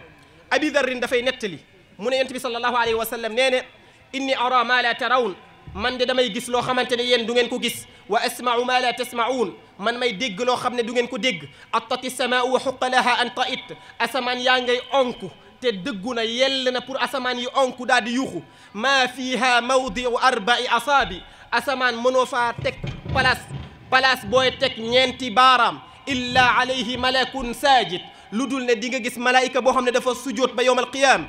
ابي ذر دا فاي نتلي من ينت صلى الله عليه وسلم نين اني ارى ما لا ترون من دا ماي غيس لو خامتاني يين دوغن كو غيس واسمع ما لا تسمعون من ماي ديغ لو خامني دوغن كو ديغ اطت السماء وحق لها ان طئت اسمان يانغي اونكو te deuguna yelna pour asaman yi onku dal di yuxu ma fiha mawdi'u arba'i asabi asaman monofa tek place place boy tek nienti baram illa alayhi malakun sajid ludul ne di nga gis malaika bo xamne dafa sujud ba yowmal qiyam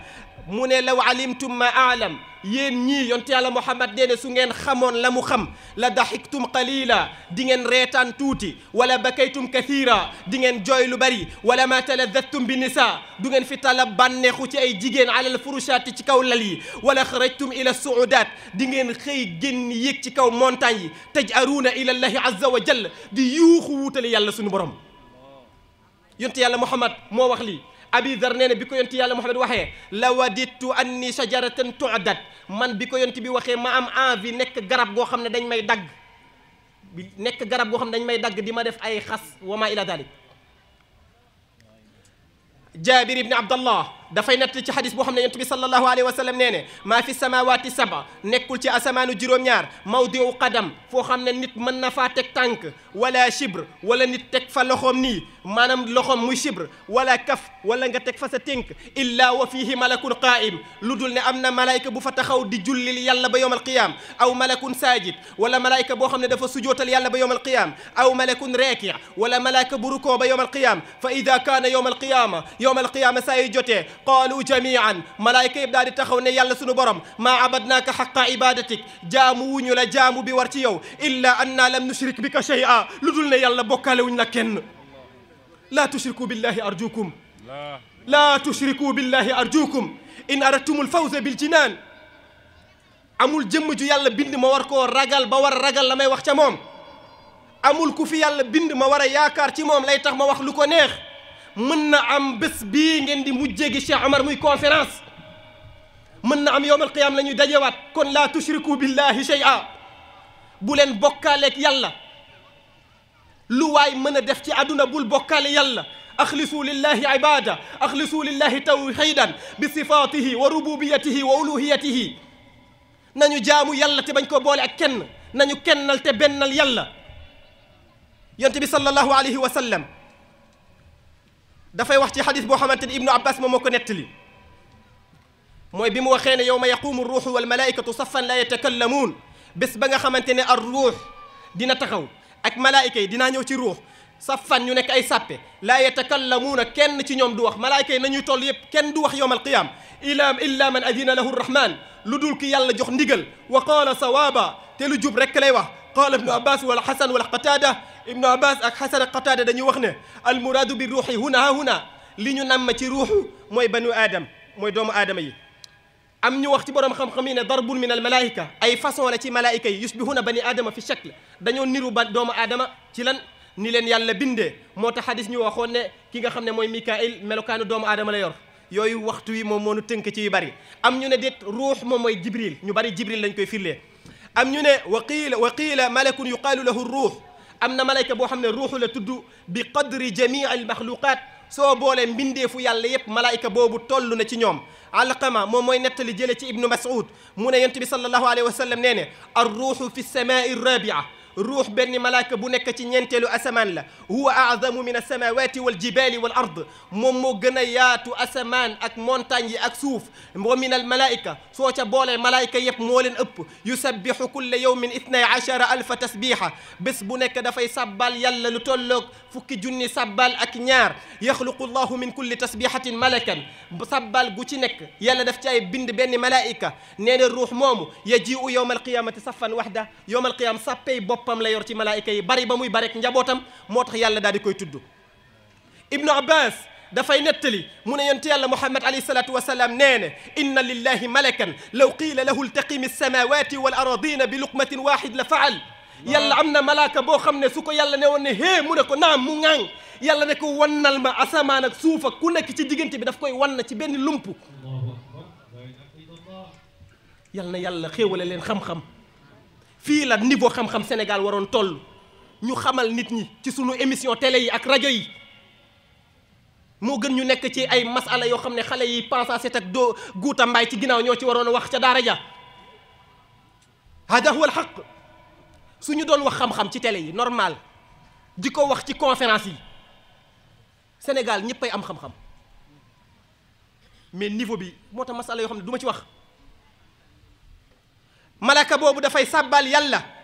mune law alimtum ma aalam yen ñi yonte yàlla muhammad nee na su ngeen xamone lamu xam la dahiktum qalila di ngeen retan tuti wala bakaytum kathira di ngeen joy lu bari wala ma taladattum bin nisa du ngeen fi talab banexu ci ay jigen ala al furushat ci kaw lali wala kharajtum ila suudat di ngeen xëy génn yek ci kaw montagne tajaruna ila allah azza wa jalla di yuxu wuutale yàlla suñu borom yonti yàlla muhammad moo wax li abi dar nee na bi ko yonti yàlla muhammad waxee la wadittu anni shajaratan tu'dad man bi ko bi waxee ma am envie nekk garab goo xam ne dañ may dagg nekk garab goo xam ne dañ may dagg di ma def ay xas wa ma ila dalik jaabir ibni abdallah dafay natt ci xadis boo xam ne yonent bi sallallahu alayhi wa sallam nee ne maa fi samawaati saba nekkul ci asamaanu juróom-ñaar mawdiu qadam foo xam ne nit mën na faa teg tànk wala chibre wala nit teg fa loxoom nii maanaam loxoom muy chibre wala kaf wala nga teg fa sa tënk illa wa fihi malakun qaim lu dul ne am na malayka bu fa taxaw di jullil yàlla ba yowm alqiyam aw malakun saajid wala malayka boo xam ne dafa sujootal yàlla ba yowm alqiyam aw malakun raaki wala malayka bu rukoo ba yowm alqiyam fa ida kaana yowm alqiyama yowm alqiyama saa yu jotee قالوا جميعا ملائكة إبدار تخونا يالا سنو برم ما عبدناك حق عبادتك جامو نيو جامو بورتيو إلا أننا لم نشرك بك شيئا لدلنا يالا بوكا لون لكن لا تشركوا بالله أرجوكم لا تشركوا بالله أرجوكم إن أردتم الفوز بالجنان أمول جم جو يالا بند ما وركو رجل بور رجل لما يوخت موم أمول كوفي يالا بند ما ورا ياكار تي موم لا يتخ ما وخ لوكو نيخ من نعم بس بين عندي مجيء شيخ عمر مي كونفرنس من نعم يوم القيامة نيدجوات كن لا تشركوا بالله شيئا بولن بكالك يلا لواي من دفتي أدنى بول بكال يلا أخلصوا لله عبادة أخلصوا لله توحيدا بصفاته وربوبيته وألوهيته نانيو جامو يلا تبانكو بولي أكن نانيو كنل تبنل يلا ينتبي صلى الله عليه وسلم dafay wax ci xadis boo xamante ni ibnu abbas moom moo ko nettali mooy bi mu waxee ne yowma yaqumu ruuxu wal malaikatu safan la yatakallamuun bés ba nga xamante ne ar ruux dina taxaw ak malaayika yi dinaa ñëw ci ruux safan ñu nekk ay sàppe laa yatakallamuuna kenn ci ñoom du wax malaayika yi nañuy toll yépp kenn du wax yowm alqiyam ila illa man adina lahu rrahman lu dul ki yàlla jox ndigal wa qaala sawaaba te lu jub rekk lay wax qaala ibnu abbas wal xasan wal qataada ibnu abbas ak xasan ak qataada dañuy wax ne al muraadu bi ruuxi huna ha huna li ñu namm ci ruuxu mooy banu aadam mooy doomu aadama yi am ñu wax ci borom xam-xam yi ne darbun min al malaayika ay façon la ci malaayika yi yusbihuna bani aadama fi shakl dañoo niru ba doomu aadama ci lan ni leen yàlla bindee moo tax hadis ñu waxoon ne ki nga xam ne mooy mikail melokaanu doomu aadama la yor yooyu waxtu wi moom moonu tënk ci yu bari am ñu ne déet ruux moom mooy jibril ñu bari jibril lañ koy firlee am ñu ne wa qiila wa qiila malakun yuqaalu lahu ruux am na malayka boo xam ne ruuxu la tudd bi qadri jamii al maxluqaat soo boolee mbindeefu yàlla yépp malayka boobu toll na ci ñoom alqama moom mooy nettali jële ci ibnu mas'ud mu ne yonent bi sallallahu alayhi wa sallam nee ne ar ruuxu fi samaai rabia روح بني ملاك بنك تنينتلو أسمان لا هو أعظم من السماوات والجبال والأرض ممو قنيات أسمان أك مونتاني أك سوف ومن الملائكة صوت بول الملائكة يب مولن أب يسبح كل يوم من 12 ألف تسبيحة بس بنك دفاي سبال يلا لتولوك فك جوني سبال اك نيار يخلق الله من كل تسبيحه ملكا سبال غوتي نيك يالا داف تي بند بن ملائكه نين الروح مومو يجيء يوم القيامه صفا وحده يوم القيامه صبي بوبام لا يورتي ملائكه بري با موي بارك نجابوتام موتخ يالا دادي كوي تودو ابن عباس دا فاي نتلي مون ينت يالا محمد عليه الصلاه والسلام نين ان لله ملكا لو قيل له التقم السماوات والارضين بلقمه واحد لفعل yàlla am malaka malaaka boo xam ne su ko yàlla ne woon ne hee mu ne ko naam mu ŋaaŋ yàlla ne ko wannal ma asamaan ak suuf ak ku nekk ci diggante bi daf koy wan ci benn lump yàlla yàlla xéewale leen xam-xam fii la niveau xam-xam Sénégal waron toll ñu xamal nit ñi ci sunu émission télé yi ak rajo yi moo gën ñu nekk ci ay masala yoo xam ne xale yi pensa set ak doo guuta mbaay ci ginnaaw ñoo ci waroon wax ca daara ja hada huwa alxaq suñu doon wax xam-xam ci télé yi normal diko wax ci conférence yi Sénégal ñëppay am xam-xam mais niveau bi moo masala yo xam duma ci wax malaka bobu da fay sàbbal yàlla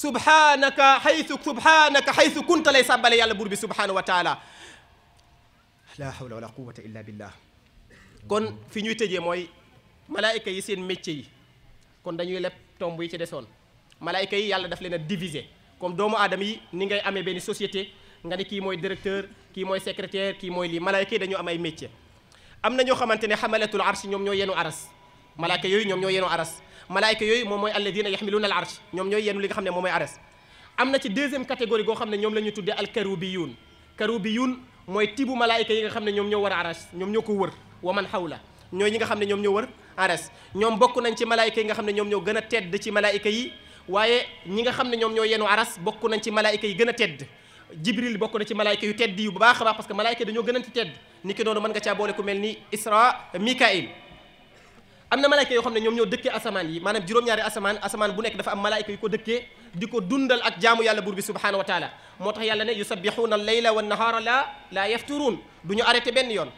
سبحانك حيث سبحانك حيث كنت lay sàbbale يا لبرب سبحانه وتعالى لا حول ولا قوة إلا بالله كن في kon fi ñuy يسين mooy kon dañuy lepp tomb yi ci desoon malaayka yi yàlla daf leen a diviser comme doomu aadama yi ni ngay amee benn société nga ni kii mooy directeur kii mooy secrétaire kii mooy lii malaayka yi dañu am ay métier am na ñoo xamante ne xamalatul arsh ñoom ñoo yenu aras malaayka yooyu ñoom ñoo yenu aras malaayka yooyu moom mooy alladina yaxmiluuna al arsh ñoom ñooy yenu li nga xam ne moom mooy aras am na ci deuxième catégorie goo xam ne ñoom la ñu tuddee al karubiyun karubiyun mooy tibu malaayka yi nga xam ne ñoom ñoo war a aras ñoom ñoo ko wër wa man xawla ñooy ñi nga xam ne ñoom ñoo wër aras ñom bokku nañ ci malaika yi nga xamne ñom ñoo gëna tedd ci malaika yi waye ñi nga xamne ñom ñoo yenu aras bokku nañ ci malaika yi gëna tedd jibril bokku na ci malaika yu tedd yu baax baax parce que malaika dañu gëna ci tedd niki nonu man nga caa boole ku melni isra mikail amna malaika yo xamne ñom ñoo dëkke asaman yi manam juróom-ñaari asaman asaman bu nek dafa am malaika yu ko dëkke diko dundal ak jaamu yàlla buur bi subhanahu wa taala motax yàlla ne yusabbihuna al layla wan-nahara la laa yafturuun du arrêté ben yoon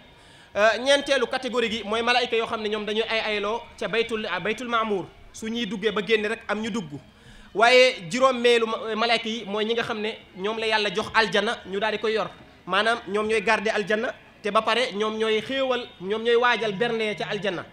ñentelu catégorie gi moy malaika yo xamne ñom dañuy ay aylo ci baytul baytul maamuur su ñuy duggee ba génné rek am ñu dugg wayé jiroom juróomeelu malaika yi moy ñi nga xamne ñom la yàlla jox aljana ñu daal di koy yor manam ñom ñoy garder aljana te ba pare ñom ñoy xéewal ñom ñoy wajal berne ci aljana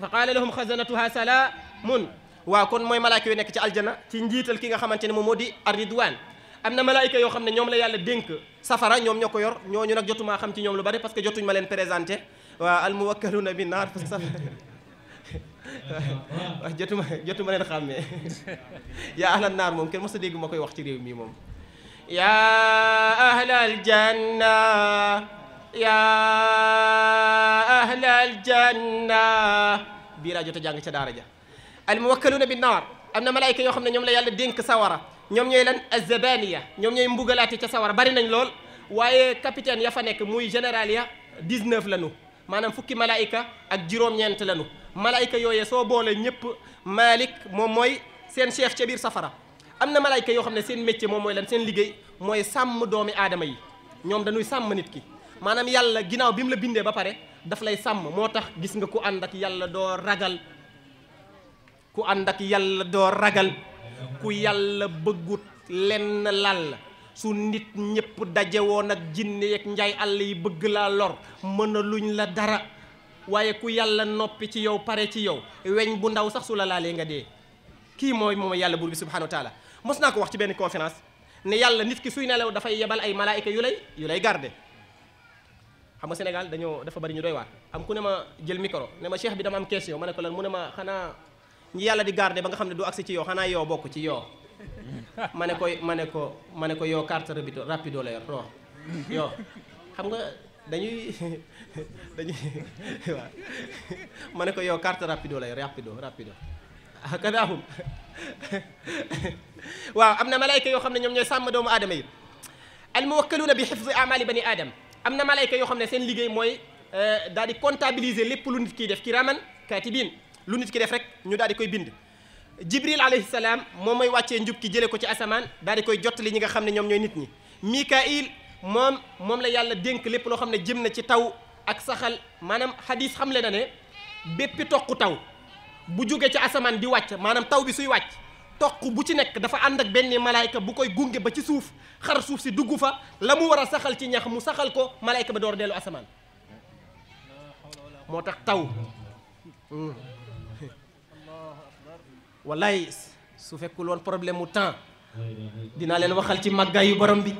fa qaala lahum khazanatuha salaamun wa kon moy malaika yu nek ci aljana ci njital ki nga xamantene mo modi moo ar ridwaan amna malaika yo xamne ñom la yàlla dénk safara ñom ñoko yor ñoñu nak jotuma xam ci ñom lu bari parce que jotuñ ma len présenter wa al muwakkaluna bin nar fa que safara jotuma jotuma len xamé ya ahla naar moom kenn mos a dégg makoy wax ci réew mi mom yaa ahlal janna yaa ahlal janna bii laa jot a jàng ca daara ja al muwakkaluna bi naar am na malaayika yoo xam ne ñoom ñom ñoy lan azabaniya ñom ñoy mbugalaate ci sawara bari nañ lool waye capitaine ya fa nek muy général ya 19 lañu manam fukki malaika ak jurom ñent lañu malaika yoyé so bolé ñëpp Malik mom moy sen chef ci bir safara amna malaika yo xamné sen métier mom moy lan sen liggéey moy sam doomi adama yi ñom dañuy sam nit ki manam yàlla ginaaw bi la bindé ba pare daf lay sam motax gis nga ku andak yàlla do ragal ku andak yàlla do ragal ku yàlla bëggut lenn lal su nit ñëpp daje woon ak jinne yeeg njaay àll yi bëgg laa lor mën a luñ la dara waaye ku yàlla noppi ci yow pare ci yow weñ bu ndaw sax su la laalee nga dee kii mooy moom yàlla buur bi subhanahu wa taala mos naa ko wax ci benn conférence ne yàlla nit ki suy nelaw dafay yebal ay malaayika yu lay yu lay garde xam nga dañoo dafa bari ñu doy waar am ku ne ma jël micro ne ma cheikh bi dama am question ma ne ko lan mu ne ma xanaa ñi yàlla di garder ba nga xam ne du agsi ci yoo xanaa yoo bokk ci yoo ma ne koy ma ne ko ma ne ko yoo carte rapido rapido la xam nga dañuy dañuy ne ko yoo carte rapido la yor rapido rapido ah, waaw am na malayka yoo xam ne ñoom ñooy sàmm doomu aadama yi al muwakkaluuna bi xifzi amali bani aadam am na malayka yoo xam ne seen liggéey mooy euh, daal di comptabiliser lépp lu nit kiy def kiraman kaatibiin lu nit ki def rek ñu daal di koy bind jibril alayhi salam moom mooy wàccee njub ki jele ko ci asaman daal di koy jottali ñi nga xamne ñom ñoy nit ñi mikail mom mom la yàlla dénk lépp lo xamne jëm na ci taw ak saxal manam hadith xam le na ne bepp tokku taw bu jóge ci asaman di wàcc manam taw bi suy wàcc tokku bu ci nek dafa ànd ak benn malaika bu koy gunge ba ci suuf xar suuf ci duggu fa lamu wara saxal ci ñax mu saxal ko malaika ba door delu asaman motax tax taw wallaay su fekkul woon problème mu temps dinaa leen waxal ci màggaayu borom bi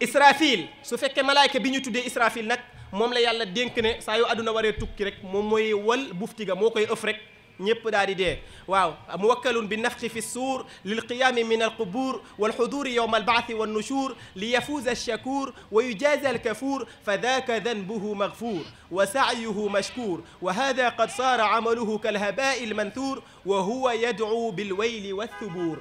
israfil su fekkee malaayka bi ñu tuddee israfil nag moom la yàlla dénk ne saa yu àdduna waree tukki rek moom mooy wal buftiga moo koy ëf rek ñëpp daal di dee waaw muwakkalun bi nafxi fi suur lil qiyaami min al qubuur wal xuduuri yowma al baati wa nushuur li yafuuza al shakuur wa yujaaza al kafuur fa daaka danbuhu magfuur wa sacyuhu mashkuur wa hada qad saara camaluhu kal habaa'i al manthuur wa huwa yadcuu bil wayli wa thubuur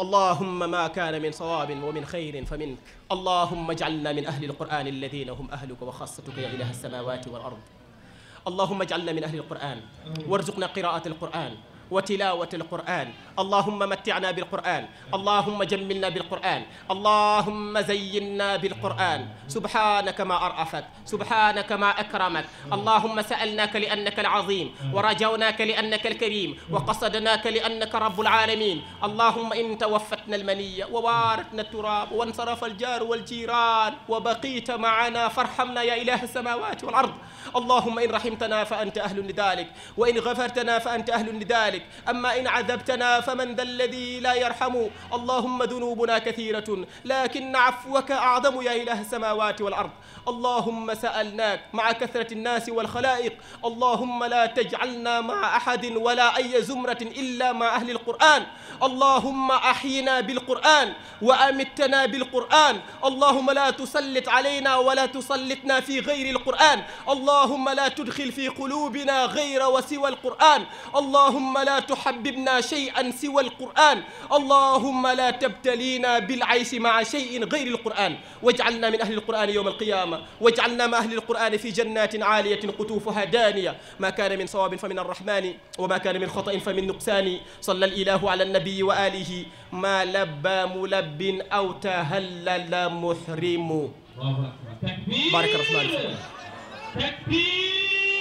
اللهم ما كان من صواب ومن خير فمنك اللهم اجعلنا من أهل القرآن الذين هم أهلك وخاصتك يا إله السماوات والأرض اللهم اجعلنا من أهل القرآن وارزقنا قراءة القرآن وتلاوة القرآن اللهم متعنا بالقرآن اللهم جملنا بالقرآن اللهم زينا بالقرآن سبحانك ما أرأفك سبحانك ما أكرمك اللهم سألناك لأنك العظيم ورجوناك لأنك الكريم وقصدناك لأنك رب العالمين اللهم إن توفتنا المنية ووارتنا التراب وانصرف الجار والجيران وبقيت معنا فارحمنا يا إله السماوات والأرض اللهم إن رحمتنا فأنت أهل لذلك وإن غفرتنا فأنت أهل لذلك ذلك أما إن عذبتنا فمن ذا الذي لا يرحم اللهم ذنوبنا كثيرة لكن عفوك أعظم يا إله السماوات والأرض اللهم سألناك مع كثرة الناس والخلائق اللهم لا تجعلنا مع أحد ولا أي زمرة إلا مع أهل القرآن اللهم أحينا بالقرآن وأمتنا بالقرآن اللهم لا تسلط علينا ولا تسلطنا في غير القرآن اللهم لا تدخل في قلوبنا غير وسوى القرآن اللهم لا تحببنا شيئا سوى القرآن اللهم لا تبتلينا بالعيش مع شيء غير القرآن واجعلنا من أهل القرآن يوم القيامة القيامة واجعلنا مع أهل القرآن في جنات عالية قطوفها دانية ما كان من صواب فمن الرحمن وما كان من خطأ فمن نقصان صلى الإله على النبي وآله ما لبى ملب أو تهلل محرم بارك الرحمن فيك تكبير